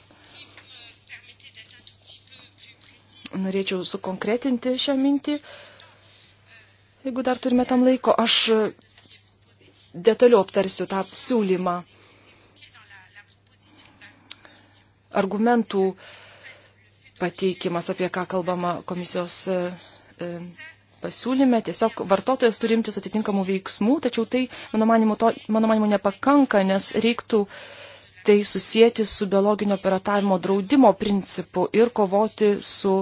Norėčiau sukonkretinti šią mintį. Jeigu dar turime tam laiko, aš detaliu aptarsiu tą siūlymą argumentų pateikimas, apie ką kalbama komisijos e, pasiūlyme tiesiog vartotojas turi imtis atitinkamų veiksmų, tačiau tai, mano manimu, to, mano manimu nepakanka, nes reiktų tai susijęti su biologinio piratavimo draudimo principu ir kovoti su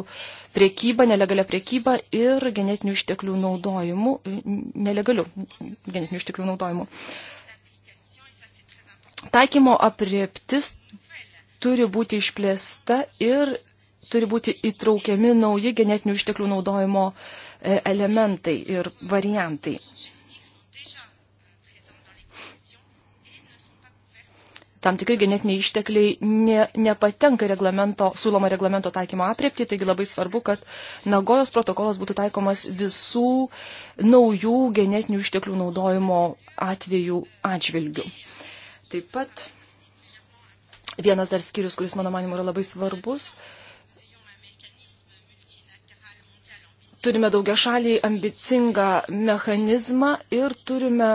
priekyba, nelegalia priekyba ir genetinių išteklių naudojimu, nelegaliu genetinių išteklių naudojimu. Taikymo apriptis turi būti išplėsta ir turi būti įtraukiami nauji genetinių išteklių naudojimo uh, E, elementai ir variantai. Tam tikri genetiniai ištekliai ne, nepatenka reglamento, siūloma reglamento taikymo apriepti, taigi labai svarbu, kad Nagojos protokolas būtų taikomas visų naujų genetinių išteklių naudojimo atvejų atžvilgių. Taip pat vienas dar skyrius, kuris mano manimu yra labai svarbus, uh, turime daugia šalį ambicingą mechanizmą ir turime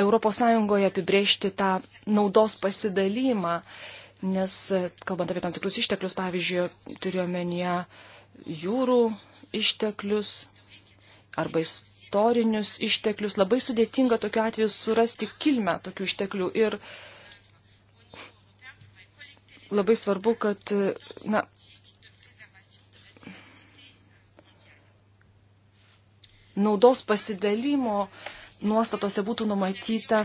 ES apibrėžti tą naudos pasidalymą, nes kalbant apie tam tikrus išteklius, pavyzdžiui, turiuomenyje jūrų išteklius arba istorinius išteklius, labai sudėtinga tokiu atveju surasti kilmę tokių išteklių ir labai svarbu, kad na, naudos pasidalimo nuostatose būtų numatyta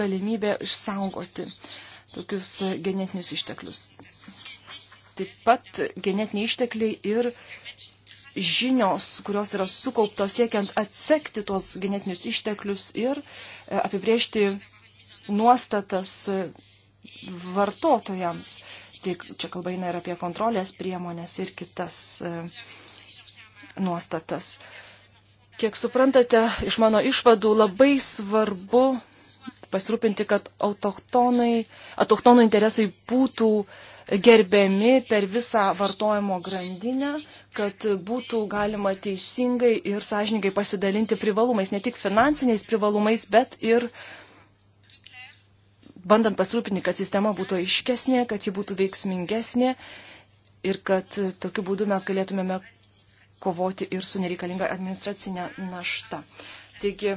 galimybė išsaugoti tokius genetinius išteklius. Taip pat genetiniai ištekliai ir žinios, kurios yra sukauptos siekiant atsekti tuos genetinius išteklius ir e, apibriežti nuostatas e, vartotojams. Tai čia kalba eina ir apie kontrolės priemonės ir kitas e, nuostatas. Kiek suprantate, iš mano išvadų labai svarbu pasirūpinti, kad autochtonų interesai būtų gerbiami per visą vartojimo grandinę, kad būtų galima teisingai ir sąžininkai pasidalinti privalumais, ne tik finansiniais privalumais, bet ir bandant pasirūpinti, kad sistema būtų aiškesnė, kad ji būtų veiksmingesnė ir kad tokiu būdu mes galėtumėme kovoti ir su nereikalinga administracinė našta. Taigi,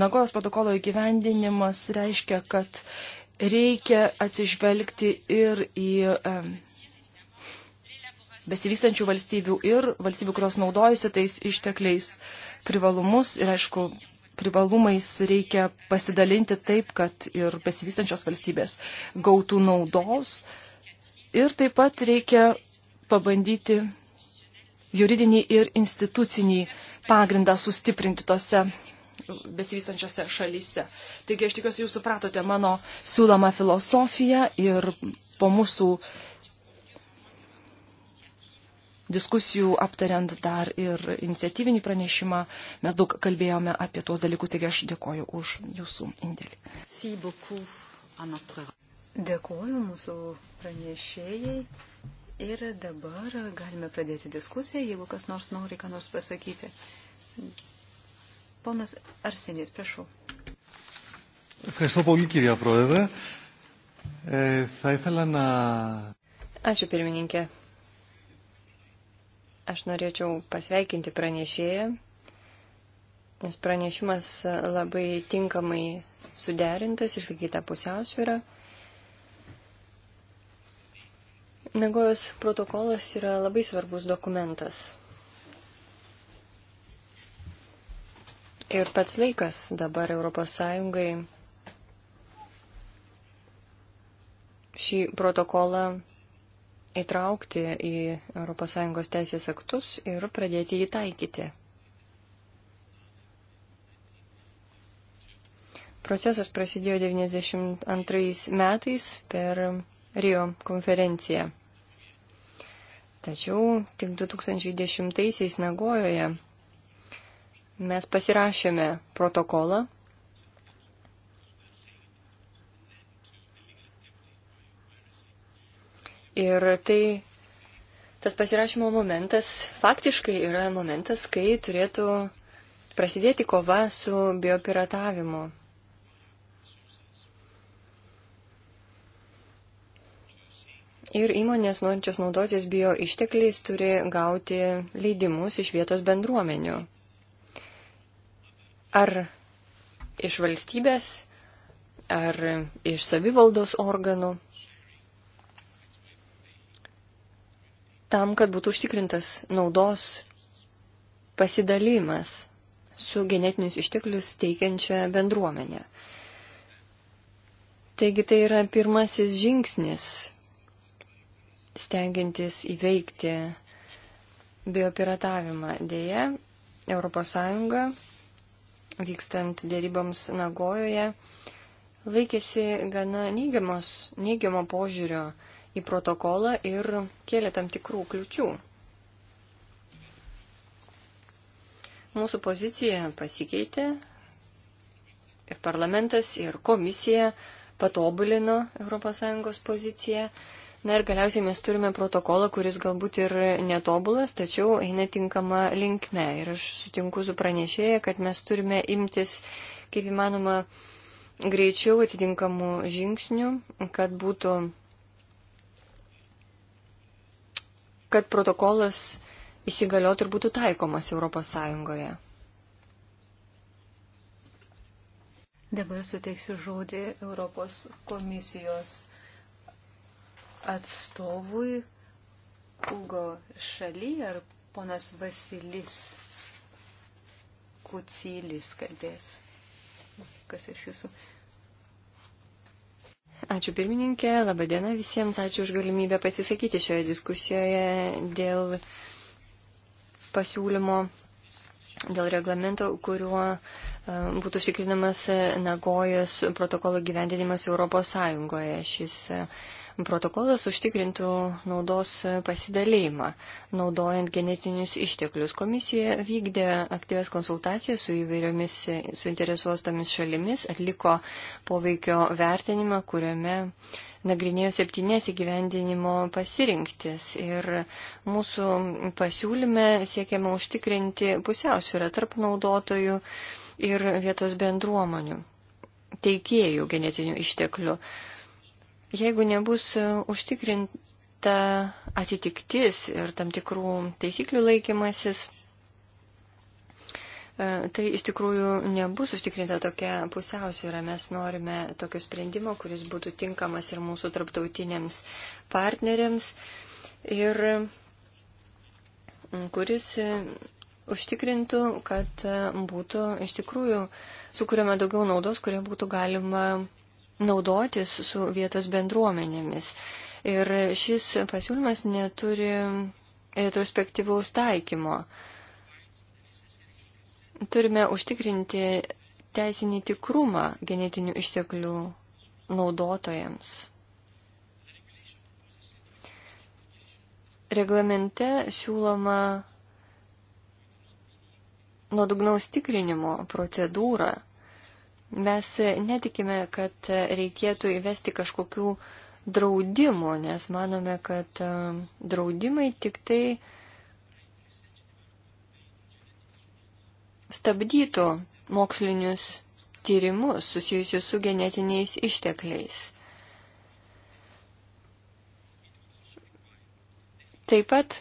Nagojos protokolo įgyvendinimas reiškia, kad reikia atsižvelgti ir į besivystančių valstybių ir valstybių, kurios naudojasi tais ištekliais privalumus ir, aišku, privalumais reikia pasidalinti taip, kad ir besivystančios valstybės gautų naudos. Uh, Ir taip pat reikia pabandyti juridinį ir institucinį pagrindą sustiprinti tose besivystančiose šalyse. Taigi aš tikiuosi, jūs supratote mano siūlomą filosofiją ir po mūsų diskusijų aptariant dar ir iniciatyvinį pranešimą, mes daug kalbėjome apie tuos dalykus, taigi aš dėkoju už jūsų indėlį. Dėkuoju mūsų pranešėjai. Ir dabar galime pradėti diskusiją, jeigu kas nors nori ką nors pasakyti. Ponas Arsenijas, prašau. Ευχαριστώ πολύ κυρία Πρόεδρε. Ε, θα ήθελα να... Ačiū pirmininkė. Aš norėčiau pasveikinti pranešėją, nes pranešimas labai tinkamai suderintas, išlaikyta pusiausvyrą. yra. Nagojos protokolas yra labai svarbus dokumentas. Ir pats laikas dabar ES šį protokolą įtraukti į ES teisės aktus ir pradėti jį taikyti. Procesas prasidėjo 92 metais per Rio konferenciją. Tačiau tik 2010-aisiais Nagojoje mes pasirašėme protokolą, Ir tai tas pasirašymo momentas faktiškai yra momentas, kai turėtų prasidėti kova su biopiratavimu. Ir įmonės, norinčios naudotis bio ištekliais, turi gauti leidimus iš vietos bendruomenių. Ar iš valstybės, ar iš savivaldos organų. Tam, kad būtų užtikrintas naudos pasidalymas su genetinius išteklius teikiančia bendruomenė. Taigi tai yra pirmasis žingsnis stengiantis įveikti biopiratavimą. Deja, ES vykstant dėryboms Nagojoje laikėsi gana neigiamos, neigiamo požiūrio į protokolą ir kėlė tam tikrų kliučių. Mūsų pozicija pasikeitė ir parlamentas, ir komisija patobulino ES poziciją Na ir galiausiai mes turime protokolą, kuris galbūt ir netobulas, tačiau eina tinkama linkme. Ir aš sutinku su pranešėja, kad mes turime imtis kaip įmanoma greičiau atitinkamų žingsnių, kad būtų kad protokolas įsigaliotų ir būtų taikomas Europos Sąjungoje. Dabar suteiksiu žodį Europos komisijos atstovui Ugo Šaly ar ponas Vasilis Kucylis kalbės. Kas iš jūsų? Ačiū pirmininkė, laba diena visiems, ačiū už galimybę pasisakyti šioje diskusijoje dėl pasiūlymo, dėl reglamento, kuriuo e, būtų užtikrinamas Nagojas protokolo gyvendinimas Europos Sąjungoje. Šis e, Protokolas užtikrintų naudos pasidalėjimą, naudojant genetinius išteklius. Komisija vykdė aktyves konsultacijas su įvairiomis suinteresuostomis šalimis, atliko poveikio vertinimą, kuriame nagrinėjo septynės įgyvendinimo pasirinktis. Ir mūsų pasiūlyme siekiama užtikrinti pusiausvyrą tarp naudotojų ir vietos bendruomonių, teikėjų genetinių išteklių. Jeigu nebus e, užtikrinta atitiktis ir tam tikrų taisyklių laikymasis, e, tai iš tikrųjų nebus užtikrinta tokia pusiausvyrą. Mes norime tokio sprendimo, kuris būtų tinkamas ir mūsų tarptautiniams partneriams ir kuris e, užtikrintų, kad būtų iš tikrųjų sukūrėme daugiau naudos, kurią būtų galima naudotis su vietos bendruomenėmis. Ir šis pasiūlymas neturi retrospektyvaus taikymo. Turime užtikrinti teisinį tikrumą genetinių išteklių naudotojams. Reglamente siūloma nuodugnaus tikrinimo procedūra Mes netikime, kad reikėtų įvesti kažkokių draudimų, nes manome, kad e, draudimai tik tai stabdytų mokslinius tyrimus susijusius su genetiniais ištekliais. Taip pat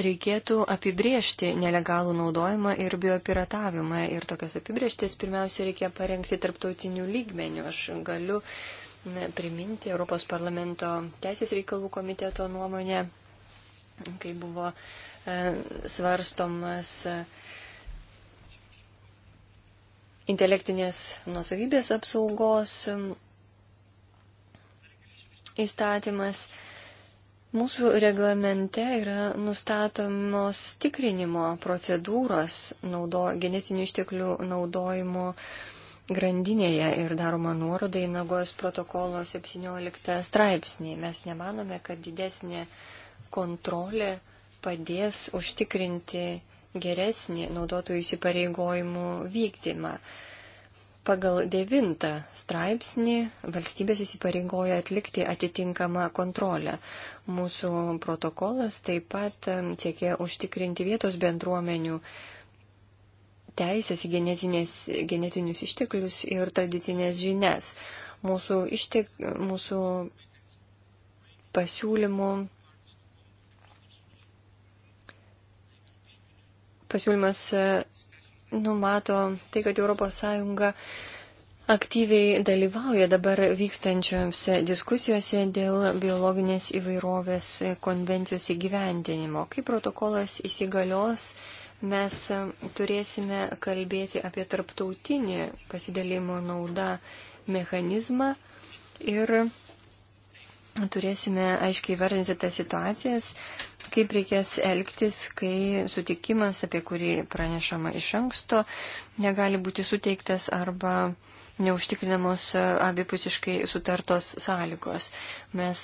reikėtų apibriežti nelegalų naudojimą ir biopiratavimą. Ir tokias apibriežtis pirmiausia reikia parengti tarptautinių lygmenių. Aš galiu priminti Europos parlamento teisės reikalų komiteto nuomonę, kai buvo e, svarstomas e, intelektinės nusavybės apsaugos e, įstatymas. Mūsų reglamente yra nustatomos tikrinimo procedūros naudo, genetinių išteklių naudojimo grandinėje ir daroma nuoroda į Nagos protokolo 17 straipsnį. Mes nemanome, kad didesnė kontrolė padės užtikrinti geresnį naudotojų įsipareigojimų vykdymą. Pagal devintą straipsnį valstybės įsipareigoja atlikti atitinkamą kontrolę. Mūsų protokolas taip pat siekia užtikrinti vietos bendruomenių teisės į genetinius išteklius ir tradicinės žinias. Mūsų, ištek, mūsų pasiūlymų pasiūlymas numato tai, kad ES aktyviai dalyvauja dabar vykstančiose diskusijose dėl biologinės įvairovės konvencijos įgyvendinimo. Kai protokolas įsigalios, mes turėsime kalbėti apie tarptautinį pasidalimo naudą mechanizmą ir turėsime aiškiai vardinti tas situacijas, kaip reikės elgtis, kai sutikimas, apie kurį pranešama iš anksto, negali būti suteiktas arba neužtikrinamos abipusiškai sutartos sąlygos. Mes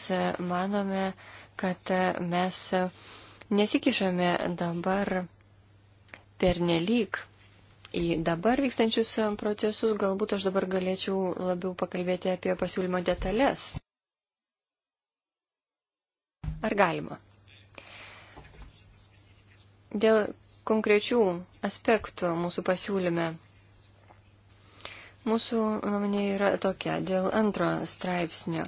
manome, kad mes nesikišame dabar pernelyg į dabar vykstančius procesus, galbūt aš dabar galėčiau labiau pakalbėti apie pasiūlymo detalės. Ar galima? Dėl konkrečių aspektų mūsų pasiūlyme. Mūsų nuomonė yra tokia dėl antro straipsnio.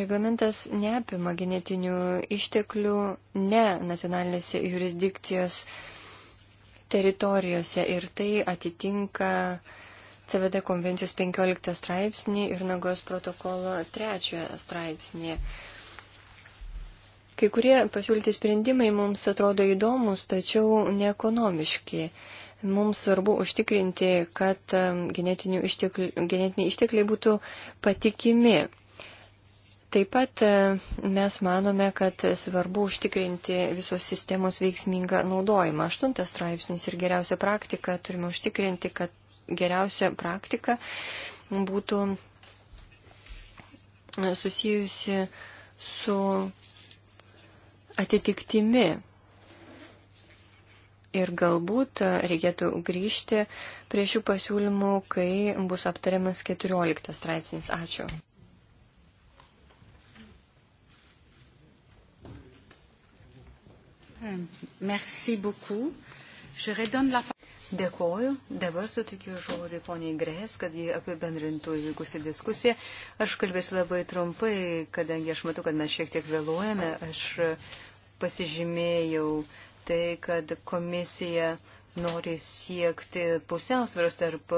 Reglamentas neapima genetinių išteklių ne nacionalinėse jurisdikcijos teritorijose ir tai atitinka CVD konvencijos 15 straipsnį ir Nagos protokolo 3 straipsnį. Kai kurie pasiūlyti sprendimai mums atrodo įdomus, tačiau neekonomiški. Mums svarbu užtikrinti, kad um, ištekli, genetiniai ištekliai būtų patikimi. Taip pat um, mes manome, kad svarbu užtikrinti visos sistemos veiksmingą naudojimą. Aštuntas straipsnis ir geriausia praktika turime užtikrinti, kad geriausia praktika būtų susijusi su atitiktimi. Ir galbūt e, reikėtų grįžti prie šių pasiūlymų, kai bus aptariamas 14 straipsnis. Ačiū. Euh, merci beaucoup. Je redonne la Dėkoju. Dabar sutikiu žodį poniai Grės, kad jie apibendrintų įvykusią diskusiją. Aš kalbėsiu labai trumpai, kadangi aš matau, kad mes šiek tiek vėluojame. Aš pasižymėjau tai, kad komisija nori siekti pusiausvėros tarp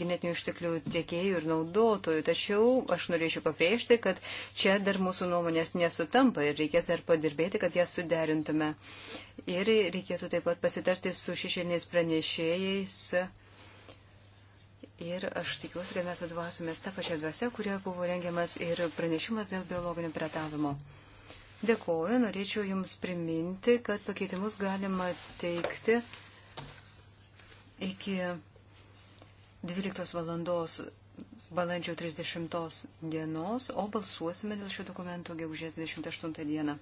genetinių išteklių tiekėjų ir naudotojų. Tačiau aš norėčiau pabrėžti, kad čia dar mūsų nuomonės nesutampa ir reikės dar padirbėti, kad jas suderintume. Ir reikėtų taip pat pasitarti su šešėliniais pranešėjais. Ir aš tikiuosi, kad mes atvasimės tą pačią dvasę, kurioje buvo rengiamas ir pranešimas dėl biologinio piratavimo. Dėkuoju, norėčiau Jums priminti, kad pakeitimus galima teikti iki 12 valandos balandžio 30 dienos, o balsuosime dėl šių dokumentų gegužės 28 dieną.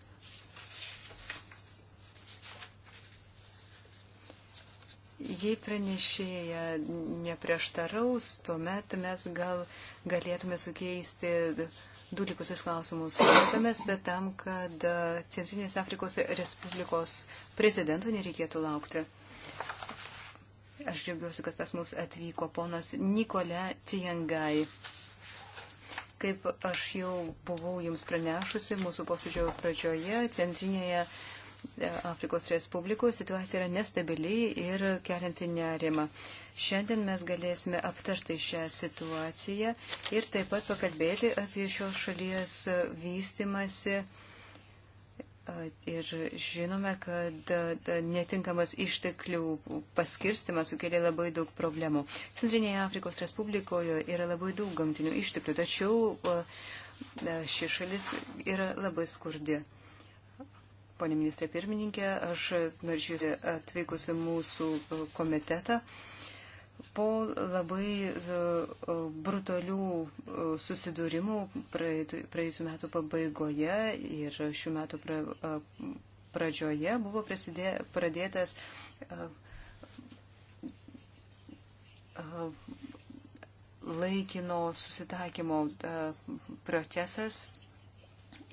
Jei pranešėja neprieštaraus, tuomet mes gal galėtume sukeisti du likusius klausimus. Matomės tam, kad e, Centrinės Afrikos Respublikos prezidento nereikėtų laukti. Aš džiaugiuosi, kad pas mus atvyko ponas Nikole Tiengai. Kaip aš jau buvau jums pranešusi mūsų posėdžio pradžioje, Centrinėje e, Afrikos Respublikoje situacija yra nestabili ir kelianti nerimą. Šiandien mes galėsime aptarti šią situaciją ir taip pat pakalbėti apie šios šalies vystimasi. Ir žinome, kad netinkamas išteklių paskirstimas sukelia labai daug problemų. Centrinėje Afrikos Respublikoje yra labai daug gamtinių išteklių, tačiau ši šalis yra labai skurdi. Pone ministrė pirmininkė, aš norėčiau atvykusi mūsų komitetą Po labai e, e, brutalių e, susidūrimų praėjusiu metu pabaigoje ir šių metų pra, pradžioje buvo prasidė, pradėtas laikino susitaikymo procesas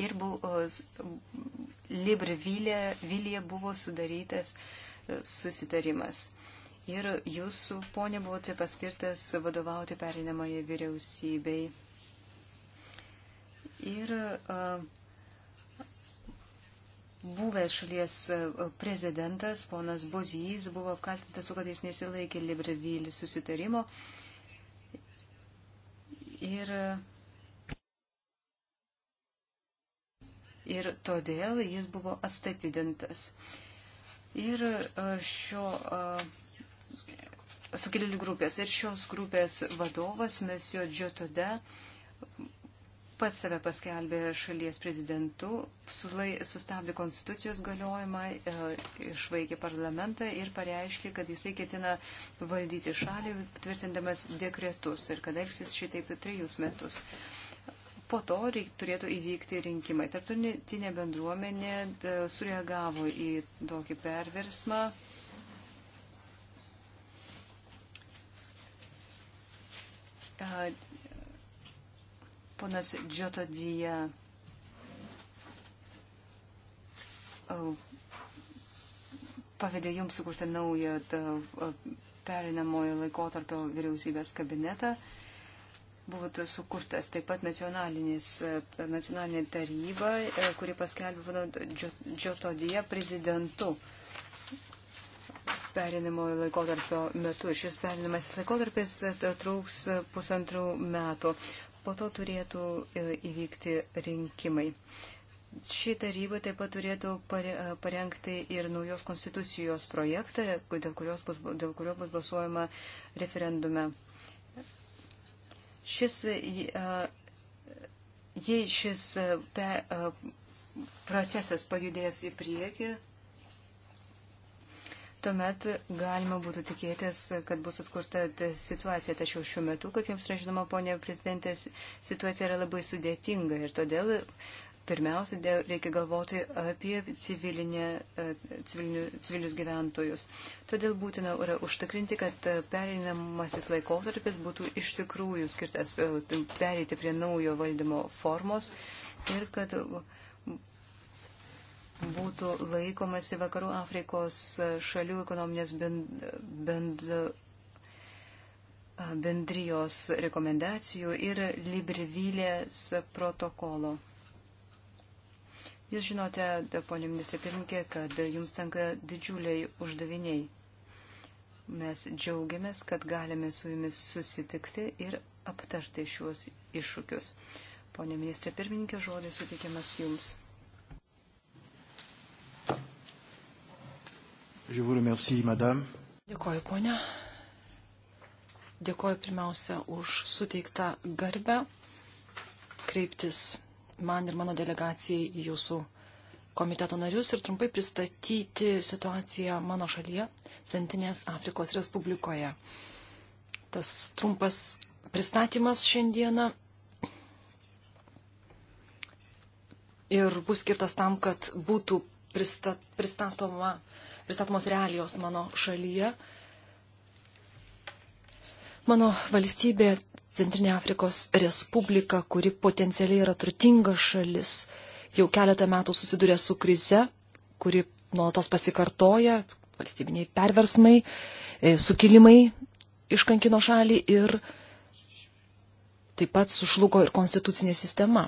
ir buvo, Librevylė buvo sudarytas susitarimas. Ir jūs, ponė, buvote paskirtas vadovauti perinamąją vyriausybei. Ir uh, buvęs šalies prezidentas, ponas Bozijys, buvo apkaltintas, kad jis nesilaikė Librevylį susitarimo. Ir uh, ir todėl jis buvo atstatydintas. Ir šio sukilėlių grupės. Ir šios grupės vadovas, Mesio Džiotoda, pats save paskelbė šalies prezidentu, sulai, sustabdė konstitucijos galiojimą, e, išvaikė parlamentą ir pareiškė, kad jisai ketina valdyti šalį, tvirtindamas dekretus ir kad elgsis šitaip trejus metus. Po to reik, turėtų įvykti rinkimai. Tarptautinė bendruomenė d, sureagavo į tokį perversmą Ponas Džiotodija pavedė jums sukurti naują perinamojo laikotarpio vyriausybės kabinetą. Buvo sukurtas taip pat e, nacionalinė taryba, e, kuri paskelbė Džotodiją prezidentu perinamojo laikotarpio metu. Šis perinamasis laikotarpis e, trūks pusantrų metų. Po to turėtų e, įvykti rinkimai. Ši taryba taip pat turėtų e, parengti ir naujos konstitucijos projektą, dėl, bus, dėl kurio bus balsuojama referendume. Šis, jei šis pe, procesas pajudės į priekį, tuomet galima būtų tikėtis, kad bus atkurta situacija. Tačiau šiuo metu, kaip jums yra žinoma, ponė prezidentės, situacija yra labai sudėtinga ir todėl pirmiausia reikia galvoti apie civilinė, e, civilinių, civilius gyventojus. Todėl būtina yra užtikrinti, kad pereinamasis laikotarpis būtų iš tikrųjų skirtas e, perėti prie naujo valdymo formos ir kad. Uh, būtų laikomasi vakarų Afrikos šalių ekonominės bend, bend, bendrijos rekomendacijų ir Librivylės protokolo. Jūs žinote, ponė ministrė pirmininkė, kad jums tenka didžiuliai uždaviniai. Mes džiaugiamės, kad galime su jumis susitikti ir aptarti šiuos iššūkius. Pone ministrė pirmininkė, žodis sutikimas jums. Je vous remercie, madame. Dėkoju, ponia. Dėkoju pirmiausia už suteiktą garbę kreiptis man ir mano delegacijai į jūsų komiteto narius ir trumpai pristatyti situaciją mano šalyje, Centrinės Afrikos Respublikoje. Tas trumpas pristatymas šiandieną ir bus skirtas tam, kad būtų pristat, pristatoma uh, pristatomos realijos mano šalyje. Mano valstybė Centrinė Afrikos Respublika, kuri potencialiai yra turtinga šalis, jau keletą metų susiduria su krize, kuri nuolatos pasikartoja, valstybiniai perversmai, e, sukilimai iškankino šalį ir taip pat sušluko ir konstitucinė sistema.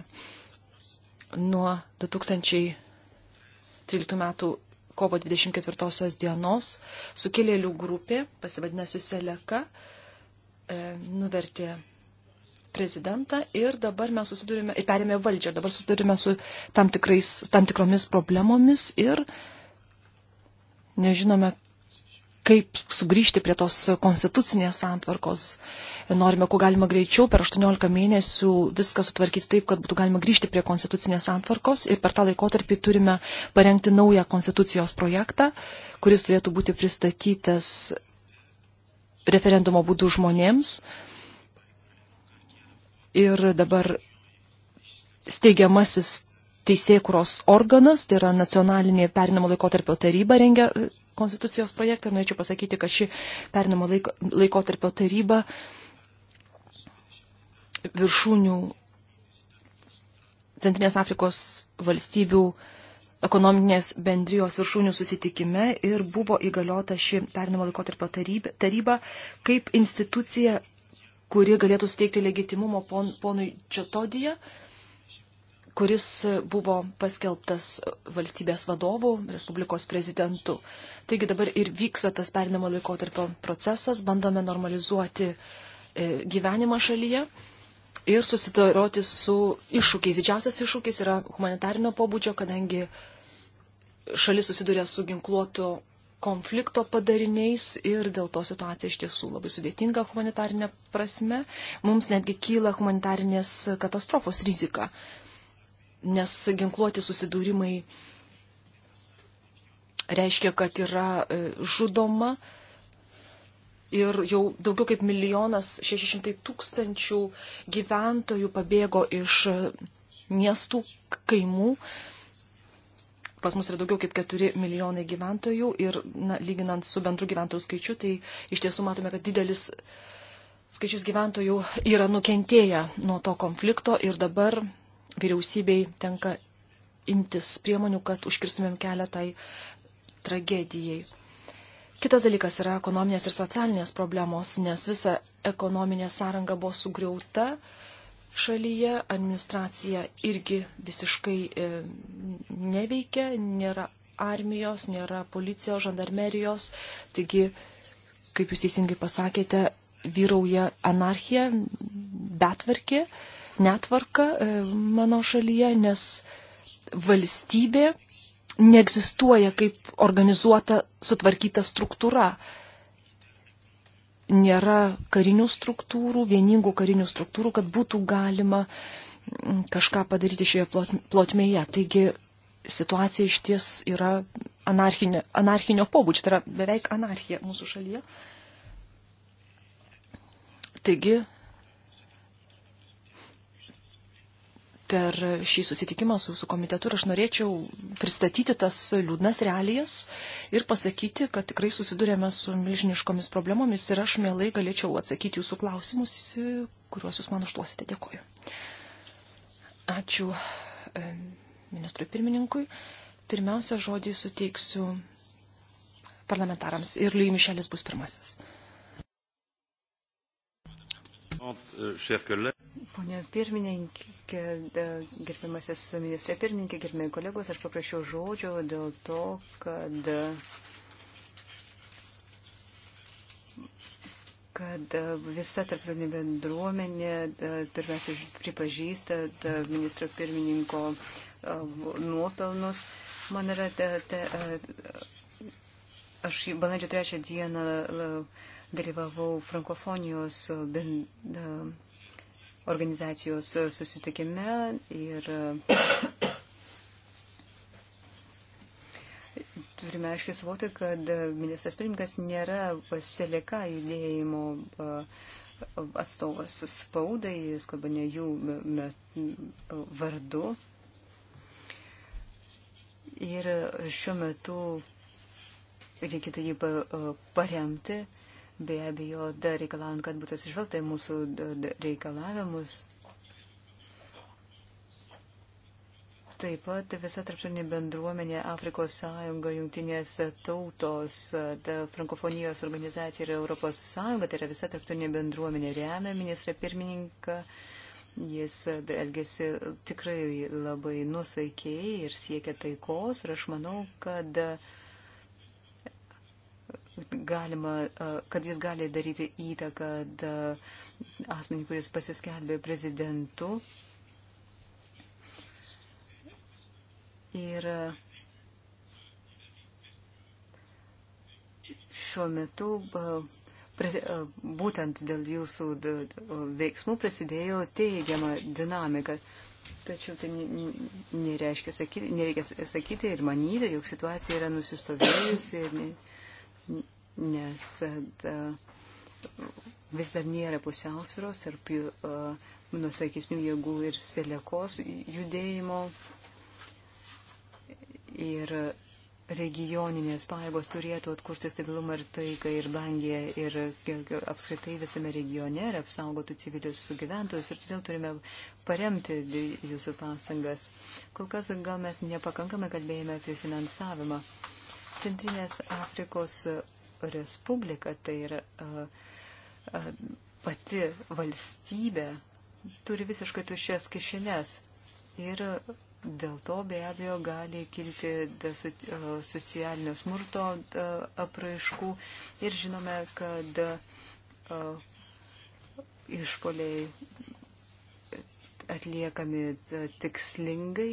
Nuo 2013 metų kovo 24 dienos sukilėlių grupė, pasivadinusi Seleka, e, nuvertė prezidentą ir dabar mes susidurime, ir perėmė valdžią, dabar susidurime su tam, tikrais, tam tikromis problemomis ir nežinome, kaip sugrįžti prie tos konstitucinės santvarkos. Norime, kuo galima greičiau, per 18 mėnesių viską sutvarkyti taip, kad būtų galima grįžti prie konstitucinės santvarkos ir per tą laikotarpį turime parengti naują konstitucijos projektą, kuris turėtų būti pristatytas referendumo būdų žmonėms. Ir dabar steigiamasis teisėkuros organas, tai yra nacionalinė perinamo laikotarpio taryba rengia konstitucijos projektą ir norėčiau pasakyti, kad ši pernamo laiko, laikotarpio taryba viršūnių Centrinės Afrikos valstybių ekonominės bendrijos viršūnių susitikime ir buvo įgaliota ši pernamo laikotarpio taryba kaip institucija, kuri galėtų suteikti legitimumo pon, ponui Čotodija, kuris buvo paskelbtas valstybės vadovų, Respublikos prezidentu. Taigi dabar ir vyksta tas perinamo laikotarpio procesas, bandome normalizuoti e, gyvenimą šalyje ir susidaroti su iššūkiais. Didžiausias iššūkis yra humanitarinio pobūdžio, kadangi šalis susiduria su ginkluoto konflikto padariniais ir dėl to situacija iš tiesų labai sudėtinga humanitarinė prasme. Mums netgi kyla humanitarinės katastrofos rizika nes ginkluoti susidūrimai reiškia, kad yra e, žudoma ir jau daugiau kaip milijonas 600 tūkstančių gyventojų pabėgo iš e, miestų kaimų. Pas mus yra daugiau kaip 4 milijonai gyventojų ir na, lyginant su bendru gyventojų skaičiu, tai iš tiesų matome, kad didelis skaičius gyventojų yra nukentėję nuo to konflikto ir dabar vyriausybei tenka imtis priemonių, kad užkirstumėm kelią tai tragedijai. Kitas dalykas yra ekonominės ir socialinės problemos, nes visa ekonominė sąranga buvo sugriauta šalyje, administracija irgi visiškai e, neveikia, nėra armijos, nėra policijos, žandarmerijos, taigi, kaip jūs teisingai pasakėte, vyrauja anarchija, betvarkė. E, netvarką e, mano šalyje, nes valstybė neegzistuoja kaip organizuota, sutvarkyta struktūra. Nėra karinių struktūrų, vieningų karinių struktūrų, kad būtų galima kažką padaryti šioje plotmėje. Taigi situacija iš ties yra anarchinė, anarchinio pobūdžio, tai yra beveik anarchija mūsų šalyje. Taigi per šį susitikimą su jūsų komitetu ir aš norėčiau pristatyti tas liūdnas realijas ir pasakyti, kad tikrai susidurėme su milžiniškomis problemomis ir aš mielai galėčiau atsakyti jūsų klausimus, kuriuos jūs man užduosite. Dėkoju. Ačiū e, ministrui pirmininkui. Pirmiausia, žodį suteiksiu parlamentarams ir Lui Mišelis bus pirmasis. Pone pirmininkė, gerbiamasis ministrė pirmininkė, gerbimiai kolegos, aš paprašiau žodžio dėl to, kad, kad visa tarptautinė bendruomenė pirmiausia pripažįsta ministro pirmininko nuopelnus. Man yra, te, te, aš balandžio trečią dieną. La, dalyvavau frankofonijos e, e, organizacijos e, susitikime ir turime aiškiai suvokti, kad ministras pirmininkas nėra pasilika judėjimo atstovas spaudai, jis kalba ne jų vardu. Ir šiuo metu reikėtų tai, jį paremti be abejo, dar reikalaujant, kad būtų atsižvelgta į mūsų reikalavimus. Taip pat visa tarptautinė bendruomenė, Afrikos sąjunga, jungtinės tautos, frankofonijos organizacija ir Europos sąjunga, tai yra visa tarptautinė bendruomenė, remia ministrą pirmininką. Jis elgesi tikrai labai nusaikiai ir siekia taikos ir aš manau, kad uh, galima, kad jis gali daryti įtaką asmenį, kuris pasiskelbė prezidentu. Ir šiuo metu būtent dėl jūsų veiksmų prasidėjo teigiama dinamika. Tačiau tai nereiškia sakyti, nereikia sakyti ir manyti, jog situacija yra nusistovėjusi ir nes da, e, vis dar nėra pusiausvėros tarp uh, e, nusakysnių jėgų ir selekos judėjimo. Ir regioninės pajėgos turėtų atkurti stabilumą ir taiką ir dangė ir apskritai visame regione ir apsaugotų civilius gyventojus ir todėl turime paremti jūsų pastangas. Kol kas gal mes nepakankamai kalbėjome apie finansavimą. Centrinės Afrikos Respublika, tai yra pati valstybė, turi visiškai tuščias kišenes. Ir dėl to be abejo gali kilti socialinio smurto apraiškų. Ir žinome, kad išpoliai atliekami tikslingai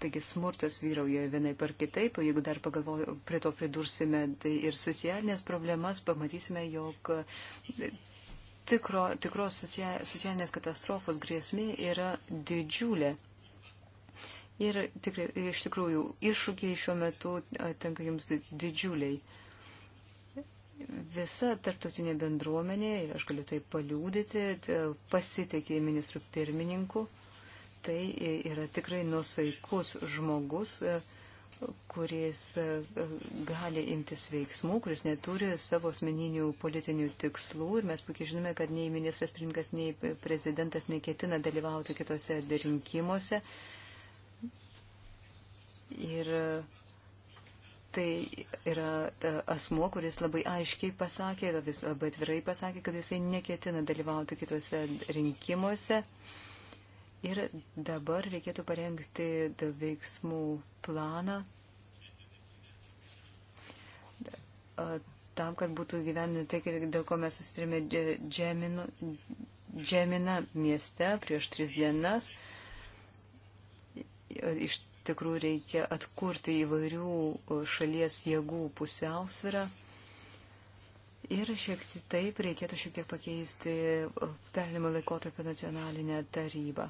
Taigi smurtas vyrauja vienai par kitaip, o jeigu dar pagalvoju, prie to pridursime tai ir socialinės problemas, pamatysime, jog e, tikro, tikros socialinės katastrofos grėsmė yra didžiulė. Ir tikrai, iš tikrųjų, iššūkiai šiuo metu tenka jums didžiuliai. Visa tarptautinė bendruomenė, ir aš galiu tai paliūdyti, pasitikė ministrų pirmininku. Tai yra tikrai nusaikus žmogus, e, kuris e, gali imtis veiksmų, kuris neturi savo asmeninių politinių tikslų. Ir mes puikiai žinome, kad nei ministras pirmininkas, nei prezidentas neketina dalyvauti kitose rinkimuose. Ir e, tai yra asmo, kuris labai aiškiai pasakė, labai atvirai pasakė, kad jisai neketina dalyvauti kitose rinkimuose. Uh, Ir dabar reikėtų parengti veiksmų planą tam, kad būtų gyveninti tai, dėl ko mes susirėmė Džemino, Džemina mieste prieš tris dienas. Iš tikrųjų reikia atkurti įvairių šalies jėgų pusiausvyrą. Ir šiek tiek taip reikėtų šiek tiek pakeisti pernimo laikotarpio nacionalinę tarybą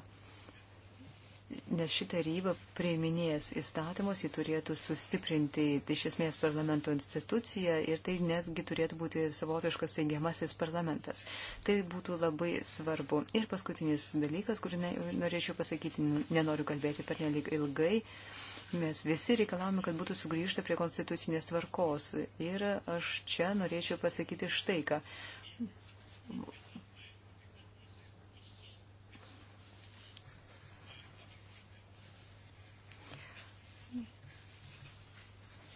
nes ši taryba prieiminės įstatymus, jį turėtų sustiprinti iš esmės parlamento instituciją ir tai netgi turėtų būti savotiškas teigiamasis parlamentas. Tai būtų labai svarbu. Ir paskutinis dalykas, kurį norėčiau pasakyti, nenoriu kalbėti per nelik ilgai. Mes visi reikalavome, kad būtų sugrįžta prie konstitucinės tvarkos. Ir aš čia norėčiau pasakyti štai ką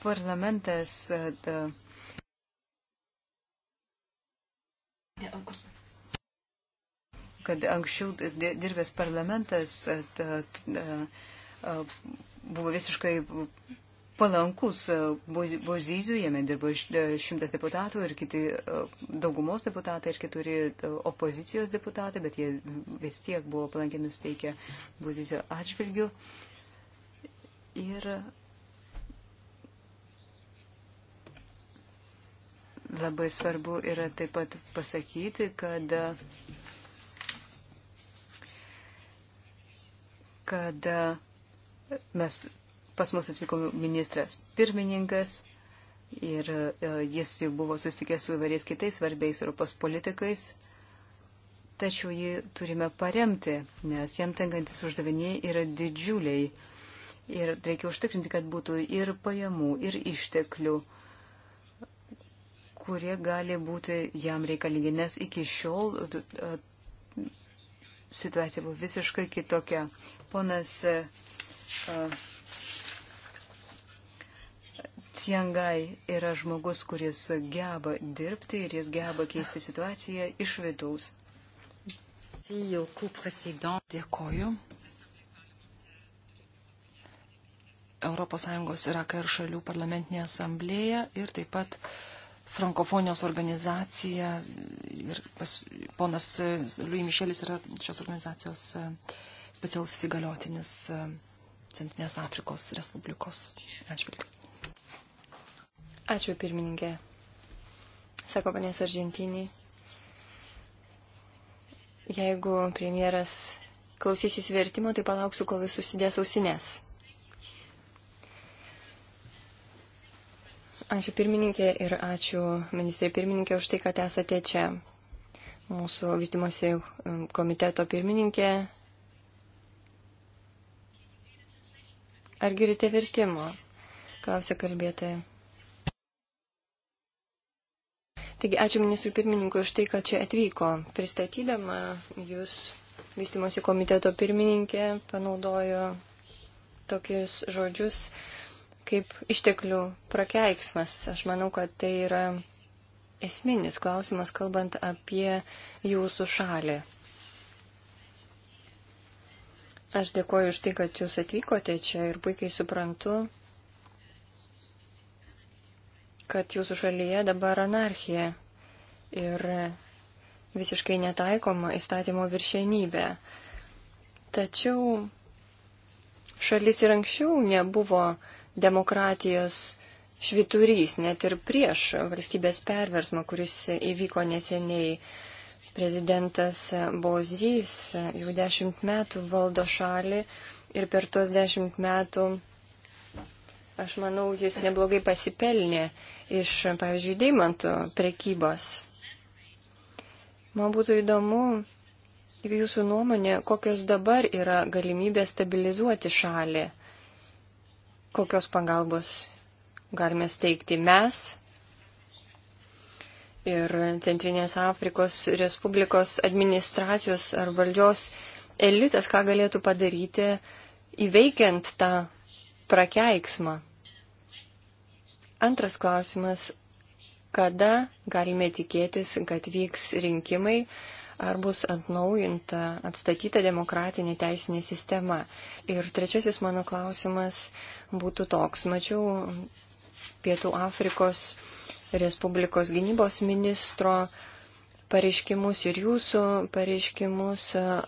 parlamentas e, kad anksčiau dirbęs parlamentas e, e, buvo visiškai palankus Bozizijų, jame dirbo šimtas deputatų ir kiti daugumos deputatai ir keturi opozicijos deputatai, bet jie vis tiek buvo palankiai nusteikę Bozizijų atžvilgių. Ir Labai svarbu yra taip pat pasakyti, kad, kad mes, pas mus atvyko ministras pirmininkas ir e, jis jau buvo susitikęs su įvairiais kitais svarbiais Europos politikais tačiau jį turime paremti, nes jam tenkantis uždaviniai yra didžiuliai. Ir reikia užtikrinti, kad būtų ir pajamų, ir išteklių, kurie gali būti jam reikalingi, nes iki šiol uh, uh, situacija buvo visiškai kitokia. Ponas uh, Ciengai yra žmogus, kuris geba dirbti ir jis geba keisti situaciją iš vidaus. Dėkoju. ES ir AKR šalių parlamentinė asamblėja ir taip pat uh, frankofonijos organizacija ir pas, ponas Louis Mišelis yra šios organizacijos e, specialus įgaliotinis e, Centrinės Afrikos Respublikos atžvilgiu. Ačiū pirmininkė. Sako panės Argentinį. Jeigu premjeras klausysis vertimo, tai palauksiu, kol jis susidės ausinės. Ačiū pirmininkė ir ačiū ministrė pirmininkė už tai, kad esate čia. Mūsų vystimosi um, komiteto pirmininkė. Ar girite vertimo? Klausė kalbėtoja. Taigi, ačiū ministrui pirmininkui už tai, kad čia atvyko. Pristatydama jūs vystimosi komiteto pirmininkė panaudojo tokius žodžius, kaip išteklių prakeiksmas. Aš manau, kad tai yra esminis klausimas, kalbant apie jūsų šalį. Aš dėkoju už tai, kad jūs atvykote čia ir puikiai suprantu, kad jūsų šalyje dabar anarchija ir visiškai netaikoma įstatymo viršienybė. Tačiau šalis ir anksčiau nebuvo demokratijos šviturys, net ir prieš valstybės perversmą, kuris įvyko neseniai. Prezidentas Bozys jau dešimt metų valdo šalį ir per tuos dešimt metų, aš manau, jis neblogai pasipelnė iš, pavyzdžiui, deimantų prekybos. Man būtų įdomu, jūsų nuomonė, kokios dabar yra galimybės stabilizuoti šalį kokios pagalbos galime steigti mes ir Centrinės Afrikos Respublikos administracijos ar valdžios elitas, ką galėtų padaryti įveikiant tą prakeiksmą. Antras klausimas, kada galime tikėtis, kad vyks rinkimai, ar bus atnaujinta, atstatyta demokratinė teisinė sistema. Ir trečiasis mano klausimas, būtų toks. Mačiau Pietų Afrikos Respublikos gynybos ministro pareiškimus ir jūsų pareiškimus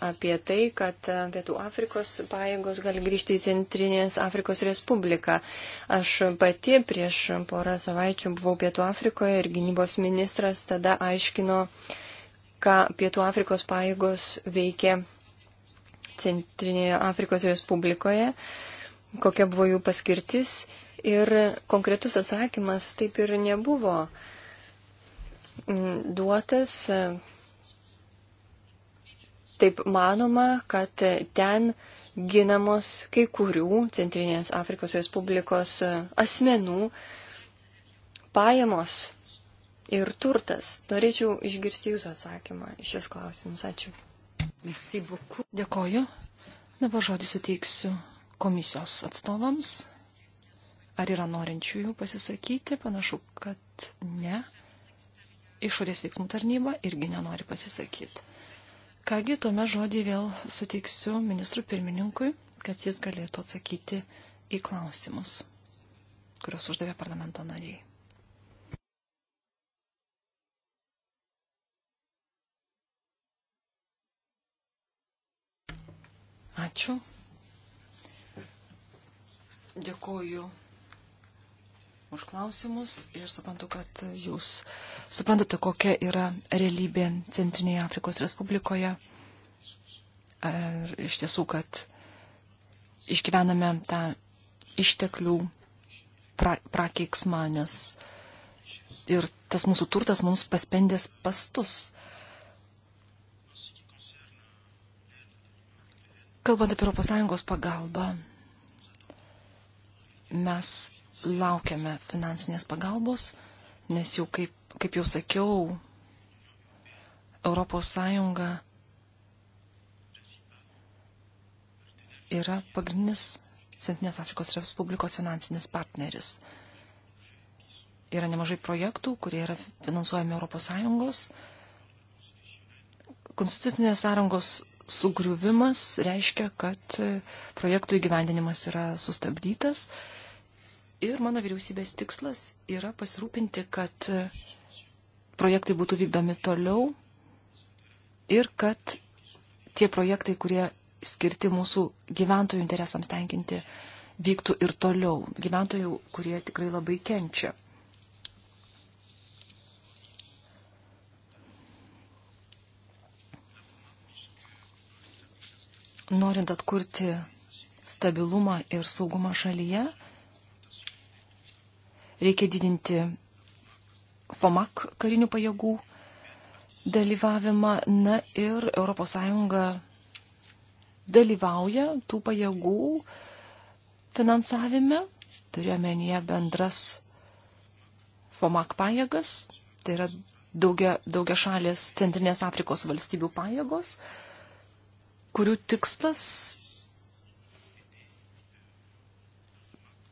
apie tai, kad Pietų Afrikos pajėgos gali grįžti į Centrinės Afrikos Respubliką. Aš pati prieš porą savaičių buvau Pietų Afrikoje ir gynybos ministras tada aiškino, ką Pietų Afrikos pajėgos veikia Centrinėje Afrikos Respublikoje. Uh, kokia buvo jų paskirtis ir konkretus atsakymas taip ir nebuvo mm, duotas. Taip manoma, kad ten ginamos kai kurių Centrinės Afrikos Respublikos asmenų pajamos ir turtas. Norėčiau išgirsti Jūsų atsakymą iš šios klausimus. Ačiū. Dėkoju. Dabar žodį suteiksiu komisijos atstovams. Ar yra norinčiųjų pasisakyti? Panašu, kad ne. Išorės veiksmų tarnyba irgi nenori pasisakyti. Kągi, tuomet žodį vėl suteiksiu ministrų pirmininkui, kad jis galėtų atsakyti į klausimus, kuriuos uždavė parlamento nariai. Ačiū. Dėkoju už klausimus ir suprantu, kad jūs suprantate, kokia yra realybė Centrinėje Afrikos Respublikoje. Ir iš tiesų, kad išgyvename tą išteklių pra, prakeiksmą, nes ir tas mūsų turtas mums paspendės pastus. Kalbant apie ES pagalbą, Mes laukiame finansinės pagalbos, nes jau kaip, kaip jau sakiau, ES yra pagrindinis Centrinės Afrikos Respublikos finansinis partneris. Yra nemažai projektų, kurie yra finansuojami ES. Konstitucinės sąrangos sugriuvimas reiškia, kad projektų įgyvendinimas yra sustabdytas Ir mano vyriausybės tikslas yra pasirūpinti, kad projektai būtų vykdomi toliau ir kad tie projektai, kurie skirti mūsų gyventojų interesams tenkinti, vyktų ir toliau. Gyventojų, kurie tikrai labai kenčia. Norint atkurti stabilumą ir saugumą šalyje, Reikia didinti FOMAK karinių pajėgų dalyvavimą. Na ir ES dalyvauja tų pajėgų finansavime. Turiuomenyje bendras FOMAK pajėgas. Tai yra daugia, daugia šalės Centrinės Afrikos valstybių pajėgos, kurių tikslas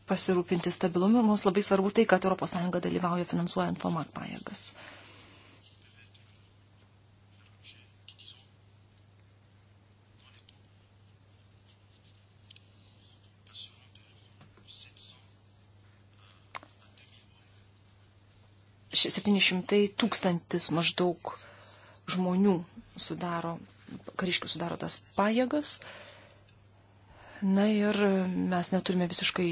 pasirūpinti stabilumu ir mums labai svarbu tai, kad ES dalyvauja finansuojant FOMAC pajėgas. Ši 700 tūkstantis maždaug žmonių sudaro, kariškių sudaro tas pajėgas. Na ir mes neturime visiškai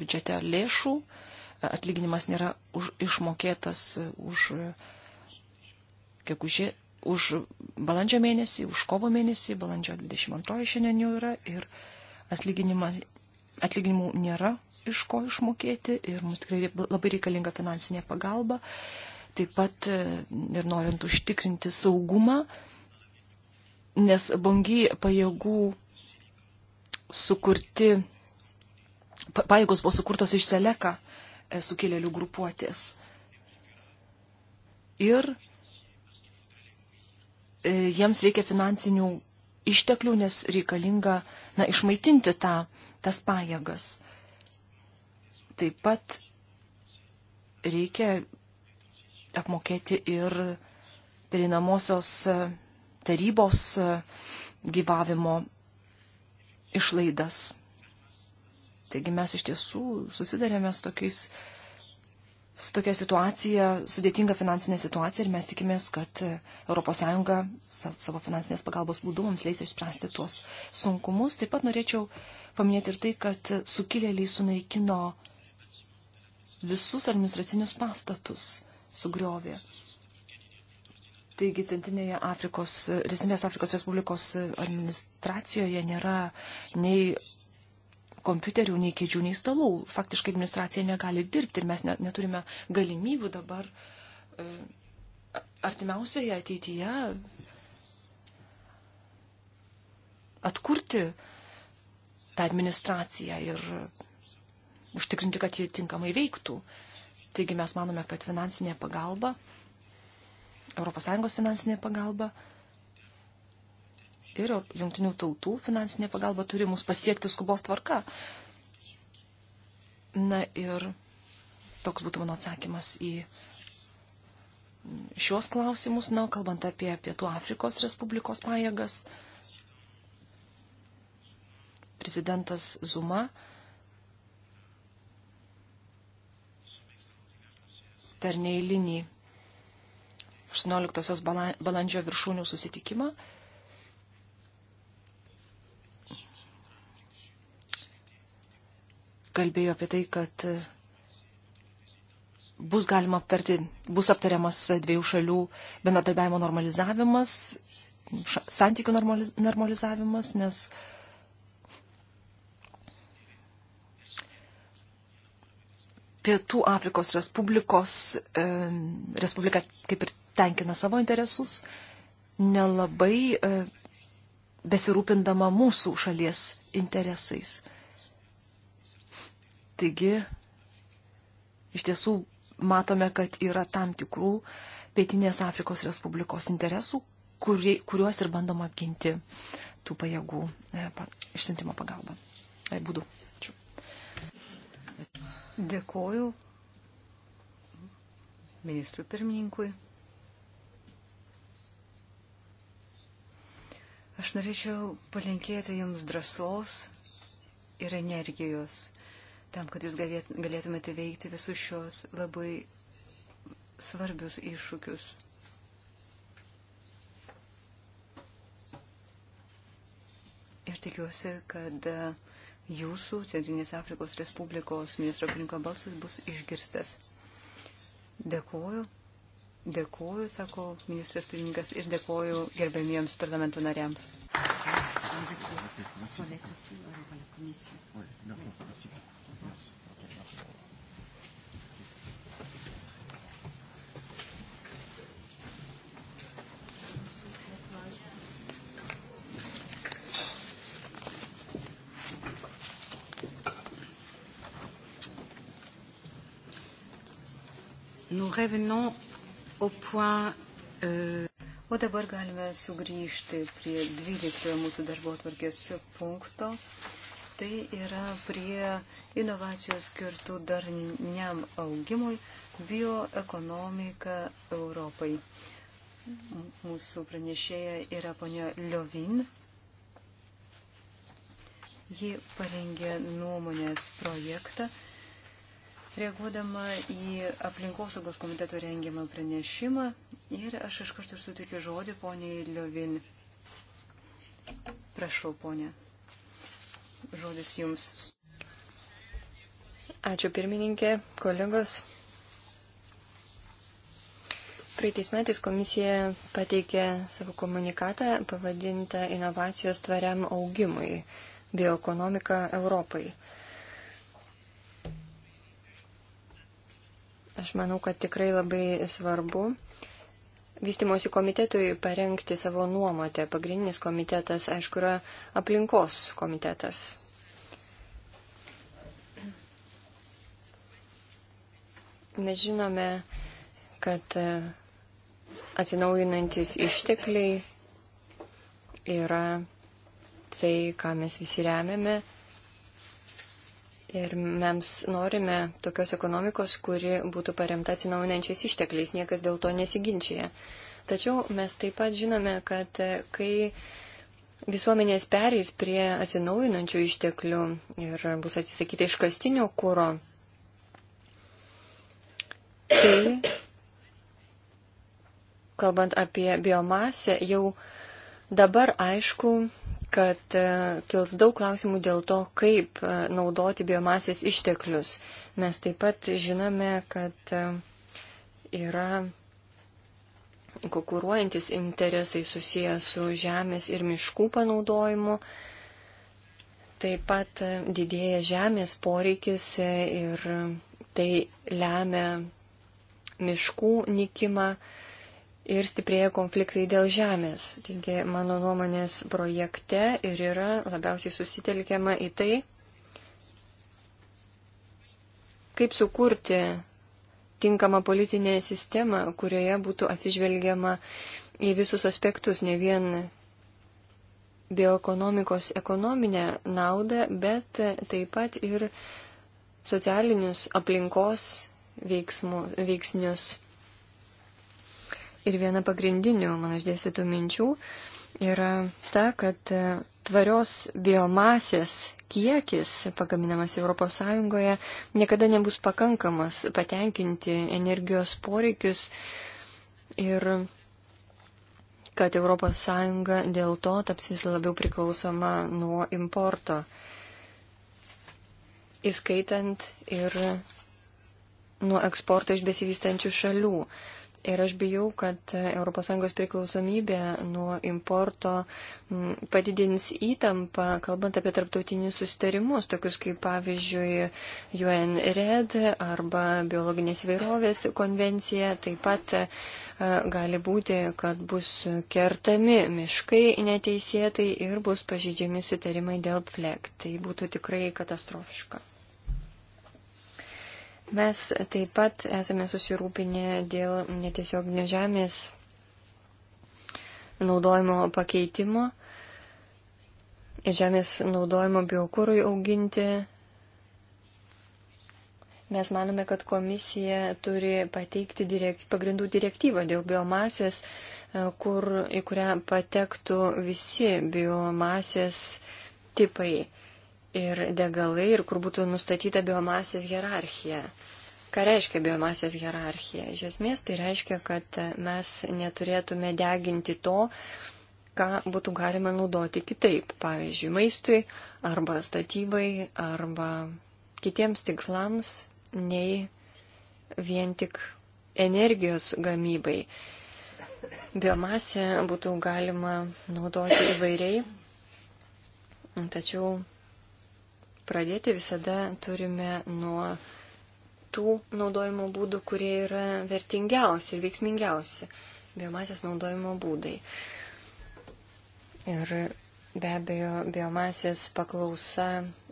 biudžete lėšų, atlyginimas nėra už, išmokėtas e, už, e, gegužė, už balandžio mėnesį, už kovo mėnesį, balandžio 22 šiandien jau yra ir atlyginimų nėra iš ko išmokėti ir mums tikrai labai reikalinga finansinė pagalba. Taip pat e, ir norint užtikrinti saugumą, nes bangy pajėgų sukurti pajėgos buvo sukurtos iš Seleka e, sukilėlių grupuotės. Ir e, jiems reikia finansinių išteklių, nes reikalinga na, išmaitinti tą, tas pajėgas. Taip pat reikia apmokėti ir perinamosios e, tarybos gyvavimo išlaidas. Taigi mes iš tiesų susidarėme su, tokiais, su tokia situacija, sudėtinga finansinė situacija ir mes tikimės, kad ES savo finansinės pagalbos būdu mums leis išspręsti tuos sunkumus. Taip pat norėčiau paminėti ir tai, kad sukilėliai sunaikino visus administracinius pastatus, sugriovė. Taigi Centrinėje Afrikos, Resinės Afrikos Respublikos administracijoje nėra nei kompiuterių, nei kėdžių, nei stalų. Faktiškai administracija negali dirbti ir mes net neturime galimybių dabar e, artimiausioje ateityje atkurti tą administraciją ir užtikrinti, kad jie tinkamai veiktų. Taigi mes manome, kad finansinė pagalba, ES finansinė pagalba ir jungtinių tautų finansinė pagalba turi mus pasiekti skubos tvarka. Na ir toks būtų mano atsakymas į šios klausimus. Na, kalbant apie Pietų Afrikos Respublikos pajėgas, prezidentas Zuma per neįlinį 18 balandžio viršūnių susitikimą kalbėjo apie tai, kad e, bus galima aptarti, bus aptariamas dviejų šalių bendradarbiavimo normalizavimas, ša, santykių normaliz, normalizavimas, nes Pietų Afrikos Respublikos, e, Respublika kaip ir tenkina savo interesus, nelabai e, besirūpindama mūsų šalies interesais. Taigi, iš tiesų matome, kad yra tam tikrų Pietinės Afrikos Respublikos interesų, kurie, kuriuos ir bandoma apginti tų pajėgų e, pa, išsintimo pagalba. E, būdu. Ačiū. Dėkoju ministrui pirmininkui. Aš norėčiau palinkėti Jums drąsos ir energijos tam, kad jūs galėtumėte veikti visus šios labai svarbius iššūkius. Ir tikiuosi, kad e, jūsų Centrinės Afrikos Respublikos ministro pirmininko balsas bus išgirstas. Dėkuoju. Dėkuoju, sako ministras pirmininkas, ir dėkuoju gerbėmiems parlamento nariams. Merci. Nous revenons au point. Euh... O dabar galime sugrįžti prie 12 mūsų darbo atvarkės punkto. Tai yra prie inovacijos skirtų darniam augimui, bioekonomika Europai. Mūsų pranešėja yra ponia Liovin. Ji parengė nuomonės projektą, reaguodama į aplinkosaugos komiteto rengiamą pranešimą ir aš iš karto sutikiu žodį poniai Liovin. Prašau, ponė. Žodis jums. Ačiū pirmininkė, kolegos. Praeitais metais komisija pateikė savo komunikatą pavadintą inovacijos tvariam augimui - bioekonomika Europai. Aš manau, kad tikrai labai svarbu vystimosi komitetui parengti savo nuomonę. Pagrindinis komitetas, aišku, yra aplinkos komitetas. Mes žinome, kad e, atsinaujinantis ištekliai yra tai, ką mes visi remiame. Ir mes norime tokios ekonomikos, kuri būtų paremta atsinaujinančiais ištekliais, niekas dėl to nesiginčia. Tačiau mes taip pat žinome, kad e, kai visuomenės pereis prie atsinaujinančių išteklių ir bus atsisakyta iškastinio kūro, tai, kalbant apie biomasę, jau dabar aišku, kad e, kils daug klausimų dėl to, kaip e, naudoti biomasės išteklius. Mes taip pat žinome, kad e, yra konkuruojantis interesai susijęs su žemės ir miškų panaudojimu. Taip pat didėja žemės poreikis ir tai lemia miškų nikimą ir stiprėja konfliktai dėl žemės. Taigi mano nuomonės projekte ir yra labiausiai susitelkiama į tai, kaip sukurti tinkamą politinę sistemą, kurioje būtų atsižvelgiama į visus aspektus, ne vien bioekonomikos ekonominę naudą, bet taip pat ir socialinius aplinkos veiksmų, veiksnius. Ir viena pagrindinių mano išdėstytų minčių yra ta, kad e, tvarios biomasės kiekis pagaminamas ES niekada nebus pakankamas patenkinti energijos poreikius ir kad ES dėl to taps vis labiau priklausoma nuo importo, įskaitant ir nuo eksporto iš besivystančių šalių. Ir aš bijau, kad ES priklausomybė nuo importo padidins įtampą, kalbant apie tarptautinius sustarimus, tokius kaip pavyzdžiui UNRED arba biologinės įvairovės konvencija. Taip pat e, gali būti, kad bus kertami miškai neteisėtai ir bus pažydžiami sutarimai dėl flek. Tai būtų tikrai katastrofiška. Mes taip pat esame susirūpinę dėl netiesioginio žemės naudojimo pakeitimo ir žemės naudojimo biokūrui auginti. Mes manome, kad komisija turi pateikti direkt, pagrindų direktyvą dėl biomasės, e, kur, į kurią patektų visi biomasės tipai ir degalai, ir kur būtų nustatyta biomasės hierarchija. Ką reiškia biomasės hierarchija? Iš esmės tai reiškia, kad mes neturėtume deginti to, ką būtų galima naudoti kitaip, pavyzdžiui, maistui arba statybai arba kitiems tikslams, nei vien tik energijos gamybai. Biomasę būtų galima naudoti įvairiai, tačiau pradėti, visada turime nuo tų naudojimo būdų, kurie yra vertingiausi ir veiksmingiausi biomasės naudojimo būdai. Ir be abejo, biomasės paklausa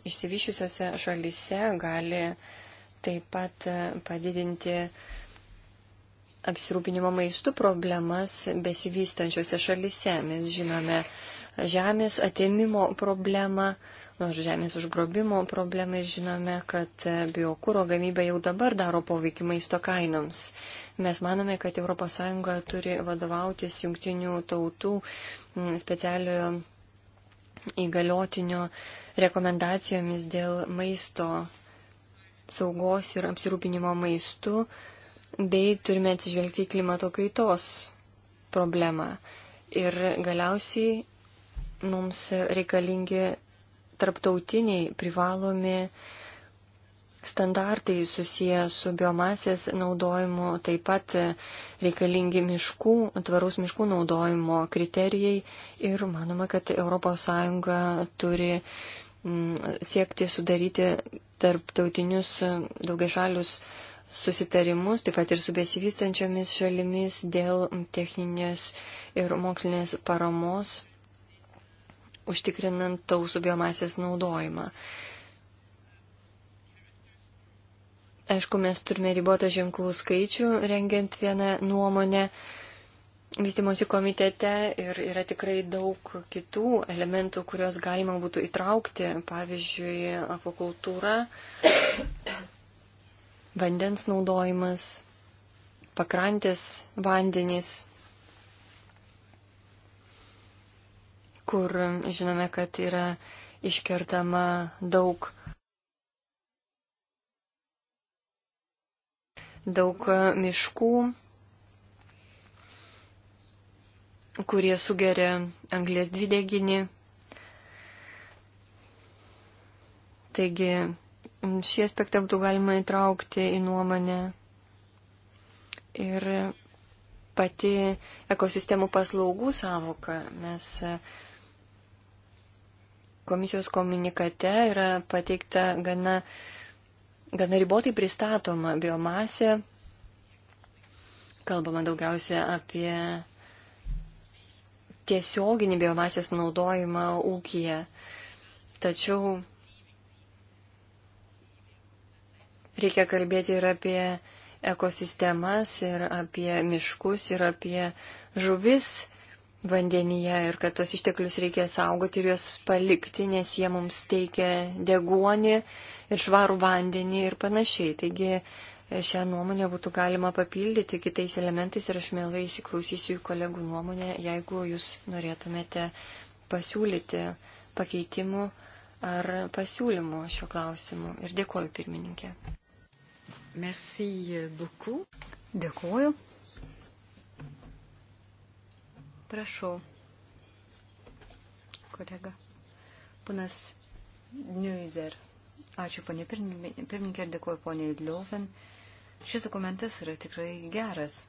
išsivyšiusiose šalyse gali taip pat padidinti apsirūpinimo maistu problemas besivystančiose šalyse. Mes žinome žemės atėmimo problemą, Nors žemės užgrobimo problemai žinome, kad biokūro gamyba jau dabar daro poveikį maisto kainoms. Mes manome, kad ES turi vadovautis jungtinių tautų mm, specialiojo įgaliotinio rekomendacijomis dėl maisto saugos ir apsirūpinimo maistu, bei turime atsižvelgti į klimato kaitos problemą. Ir galiausiai mums reikalingi tarptautiniai privalomi standartai susiję su biomasės naudojimu, taip pat reikalingi miškų, tvaraus miškų naudojimo kriterijai ir manoma, kad ES turi mm, siekti sudaryti tarptautinius daugiašalius susitarimus, taip pat ir su besivystančiomis šalimis dėl techninės ir mokslinės paramos užtikrinant tausų biomasės naudojimą. Aišku, mes turime ribotą ženklų skaičių, rengiant vieną nuomonę vystimosi komitete ir yra tikrai daug kitų elementų, kuriuos galima būtų įtraukti, pavyzdžiui, apokultūra, vandens naudojimas, pakrantės vandenys, kur žinome, kad yra iškertama daug, daug e, miškų, kurie sugeria anglės dvideginį. Taigi šį aspektą būtų galima įtraukti į nuomonę. Ir pati ekosistemų paslaugų savoka. Mes komisijos komunikate yra pateikta gana, gana ribotai pristatoma biomasė. Kalbama daugiausia apie tiesioginį biomasės naudojimą ūkiją. Tačiau reikia kalbėti ir apie ekosistemas, ir apie miškus, ir apie žuvis vandenyje ir kad tos išteklius reikia saugoti ir juos palikti, nes jie mums teikia deguonį ir švarų vandenį ir panašiai. Taigi e, šią nuomonę būtų galima papildyti kitais elementais ir aš mielai įsiklausysiu į kolegų nuomonę, jeigu jūs norėtumėte pasiūlyti pakeitimų ar pasiūlymų šio klausimu. Ir dėkoju pirmininkė. Merci beaucoup. Dėkoju. Prašau, kolega. Panas Neuzer. Ačiū, ponė pirmininkė, ir dėkuoju ponė Liuven. Šis dokumentas yra tikrai geras.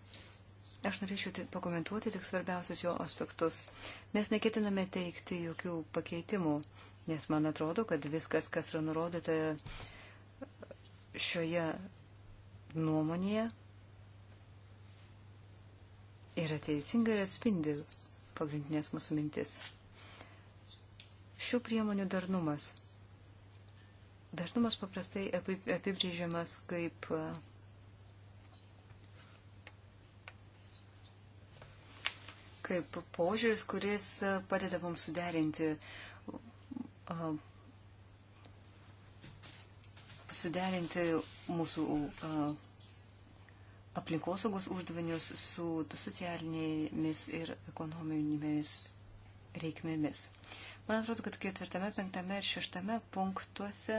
Aš norėčiau pakomentuoti tik svarbiausius jo aspektus. Mes neketiname teikti jokių pakeitimų, nes man atrodo, kad viskas, kas yra nurodyta šioje nuomonėje, yra teisinga ir atspindi pagrindinės mūsų mintis. Šių priemonių darnumas. Darnumas paprastai apibrėžiamas kaip kaip požiūris, kuris padeda mums suderinti, suderinti mūsų aplinkosaugos uždavinius su socialinėmis ir ekonominėmis reikmėmis. Man atrodo, kad ketvirtame, penktame ir šeštame punktuose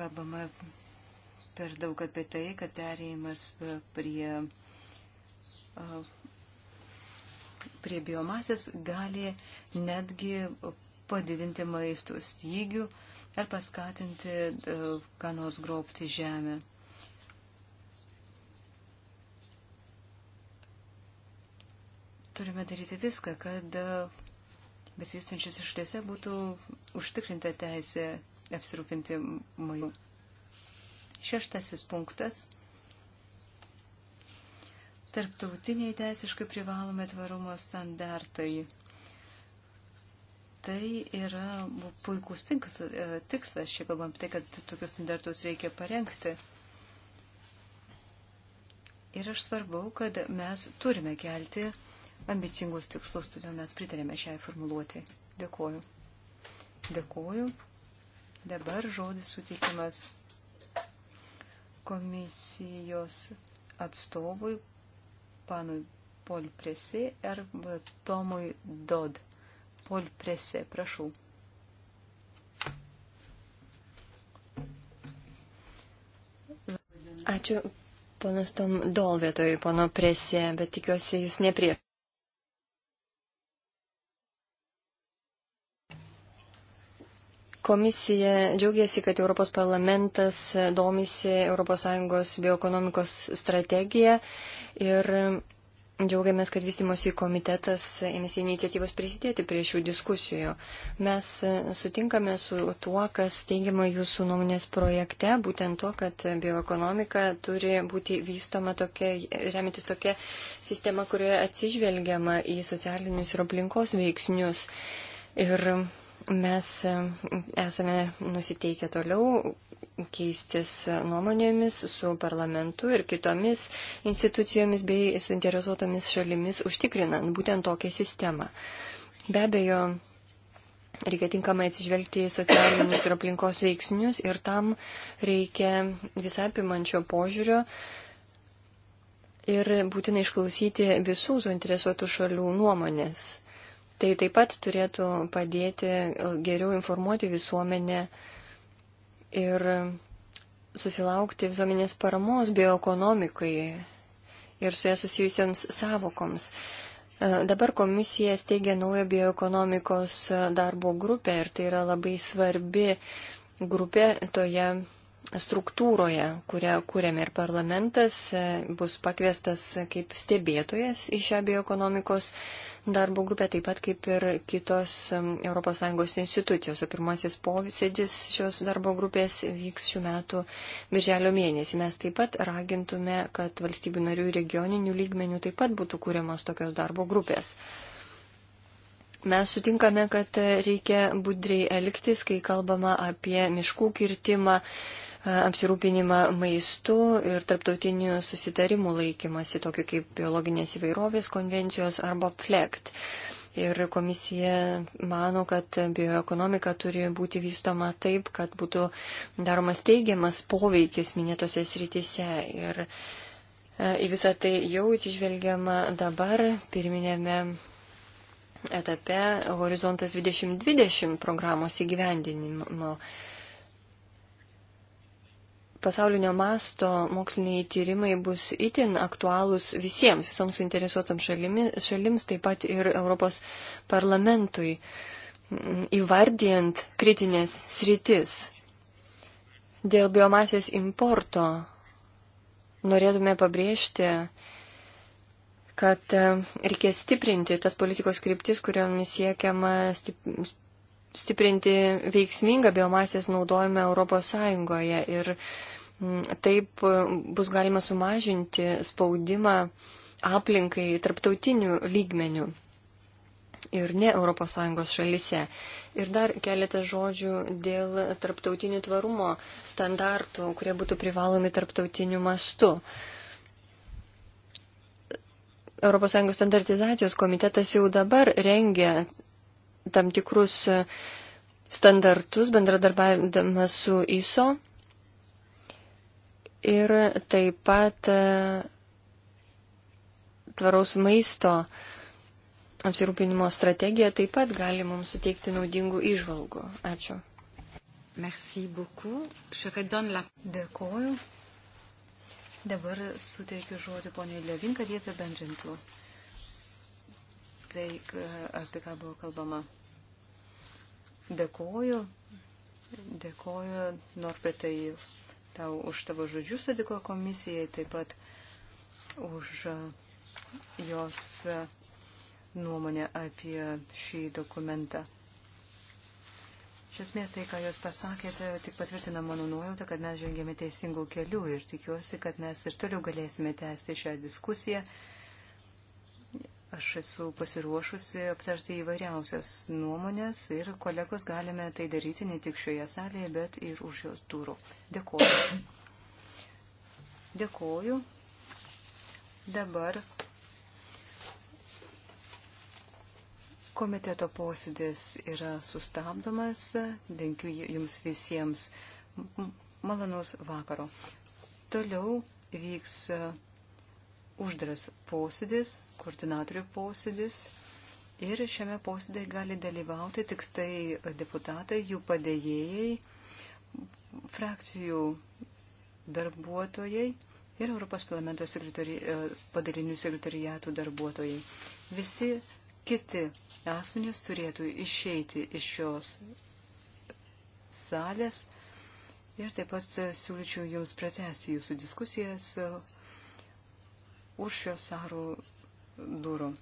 kalbama per daug apie tai, kad perėjimas prie, prie biomasės gali netgi padidinti maisto stygių ar paskatinti e, ką nors grobti žemę. Turime daryti viską, kad e, besivystančiose šalyse būtų užtikrinta teisė apsirūpinti maistu. Šeštasis punktas. Tarptautiniai teisiškai privalomi tvarumo standartai tai yra puikus e, tikslas. Čia kalbam apie tai, kad tokius standartus reikia parengti. Ir aš svarbu, kad mes turime kelti ambicingus tikslus, todėl mes pritarėme šiai formuluoti. Dėkuoju. Dėkuoju. Dabar žodis suteikiamas komisijos atstovui, panui Polpresi ir Tomui Dod. Pol Prese, prašau. Ačiū, ponas Tom Dol vietoj pono Prese, bet tikiuosi jūs neprie. Komisija džiaugiasi, kad Europos parlamentas domisi ES bioekonomikos strategiją ir Džiaugiamės, kad vystimosi komitetas ėmėsi iniciatyvos prisidėti prie šių diskusijų. Mes sutinkame su tuo, kas teigiama jūsų nuomonės projekte, būtent tuo, kad bioekonomika turi būti vystoma tokia, remintis tokia sistema, kurioje atsižvelgiama į socialinius ir aplinkos veiksnius. Ir mes esame nusiteikę toliau keistis nuomonėmis su parlamentu ir kitomis institucijomis bei suinteresuotomis šalimis, užtikrinant būtent tokią sistemą. Be abejo, reikia tinkamai atsižvelgti į socialinius ir aplinkos veiksnius ir tam reikia visapimančio požiūrio. Ir būtina išklausyti visų suinteresuotų šalių nuomonės. Tai taip pat turėtų padėti geriau informuoti visuomenę uh, ir susilaukti visuomenės paramos bioekonomikai ir su ją susijusiams savokoms. E, dabar komisija steigia naują bioekonomikos e, darbo grupę ir tai yra labai svarbi grupė toje struktūroje, kurią kūrėme ir parlamentas, e, bus pakviestas kaip stebėtojas į šią bioekonomikos darbo grupė, taip pat kaip ir kitos ES institucijos. O pirmasis posėdis šios darbo grupės vyks šių metų birželio mėnesį. Mes taip pat ragintume, kad valstybių narių regioninių lygmenių taip pat būtų kūriamos tokios darbo grupės. Mes sutinkame, kad reikia budriai elgtis, kai kalbama apie miškų kirtimą, e, apsirūpinimą maistu ir tarptautinių susitarimų laikymasi, tokiu kaip biologinės įvairovės konvencijos arba FLECT. Ir komisija mano, kad bioekonomika turi būti vystoma taip, kad būtų daromas teigiamas poveikis minėtose srityse. Ir e, į visą tai jau atsižvelgiama dabar pirminėme etape Horizontas 2020 programos įgyvendinimo. Pasaulinio masto moksliniai tyrimai bus itin aktualūs visiems, visoms suinteresuotams šalimis, šalims, taip pat ir Europos parlamentui, įvardijant kritinės sritis. Dėl biomasės importo norėtume pabrėžti, kad e, reikia stiprinti tas politikos kryptis, kuriomis siekiama stiprinti veiksmingą biomasės naudojimą Europos Sąjungoje. Ir taip e, bus galima sumažinti spaudimą aplinkai tarptautinių lygmenių ir ne ES šalise. Ir dar keletą žodžių dėl tarptautinių tvarumo standartų, kurie būtų privalomi tarptautiniu mastu. Uh, ES standartizacijos komitetas jau dabar rengia tam tikrus e, standartus bendradarbiavimas su ISO ir taip pat e, tvaraus maisto apsirūpinimo strategija taip pat gali mums suteikti naudingų išvalgų. Ačiū. Merci beaucoup. Je redonne la... Dėkuoju. Dabar suteikiu žodį poniai Liovin, kad jie apibendrintų tai, apie ką buvo kalbama. Dėkoju, dėkoju Norbertai tau už tavo žodžius, dėkoju komisijai, taip pat už jos nuomonę apie šį dokumentą. Iš esmės tai, ką Jūs pasakėte, tik patvirtina mano nuojautą, kad mes žengėme teisingų kelių ir tikiuosi, kad mes ir toliau galėsime tęsti šią diskusiją. Aš esu pasiruošusi aptarti įvairiausias nuomonės ir kolegos galime tai daryti ne tik šioje salėje, bet ir už jos durų. Dėkuoju. Dėkuoju. Dabar komiteto posėdis yra sustabdomas. Denkiu jums visiems malonus vakaro. Toliau vyks e, uždaras posėdis, koordinatorių posėdis. Ir šiame posėdėje gali dalyvauti tik tai deputatai, jų padėjėjai, frakcijų darbuotojai ir Europos parlamento sekretori, e, padalinių sekretariatų darbuotojai. Visi kiti asmenys turėtų išeiti iš šios salės. Ir taip pat siūlyčiau Jums pratesti Jūsų diskusijas uh, už šios sarų durų.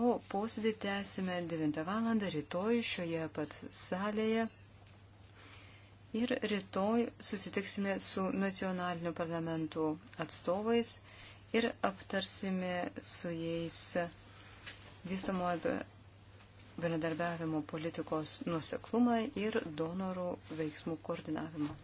O posėdį tęsime 9 val. rytoj šioje pat salėje. Ir rytoj susitiksime su nacionaliniu parlamentu atstovais ir aptarsime su jais vystamojo bendradarbiavimo politikos nuseklumą ir donorų veiksmų koordinavimą.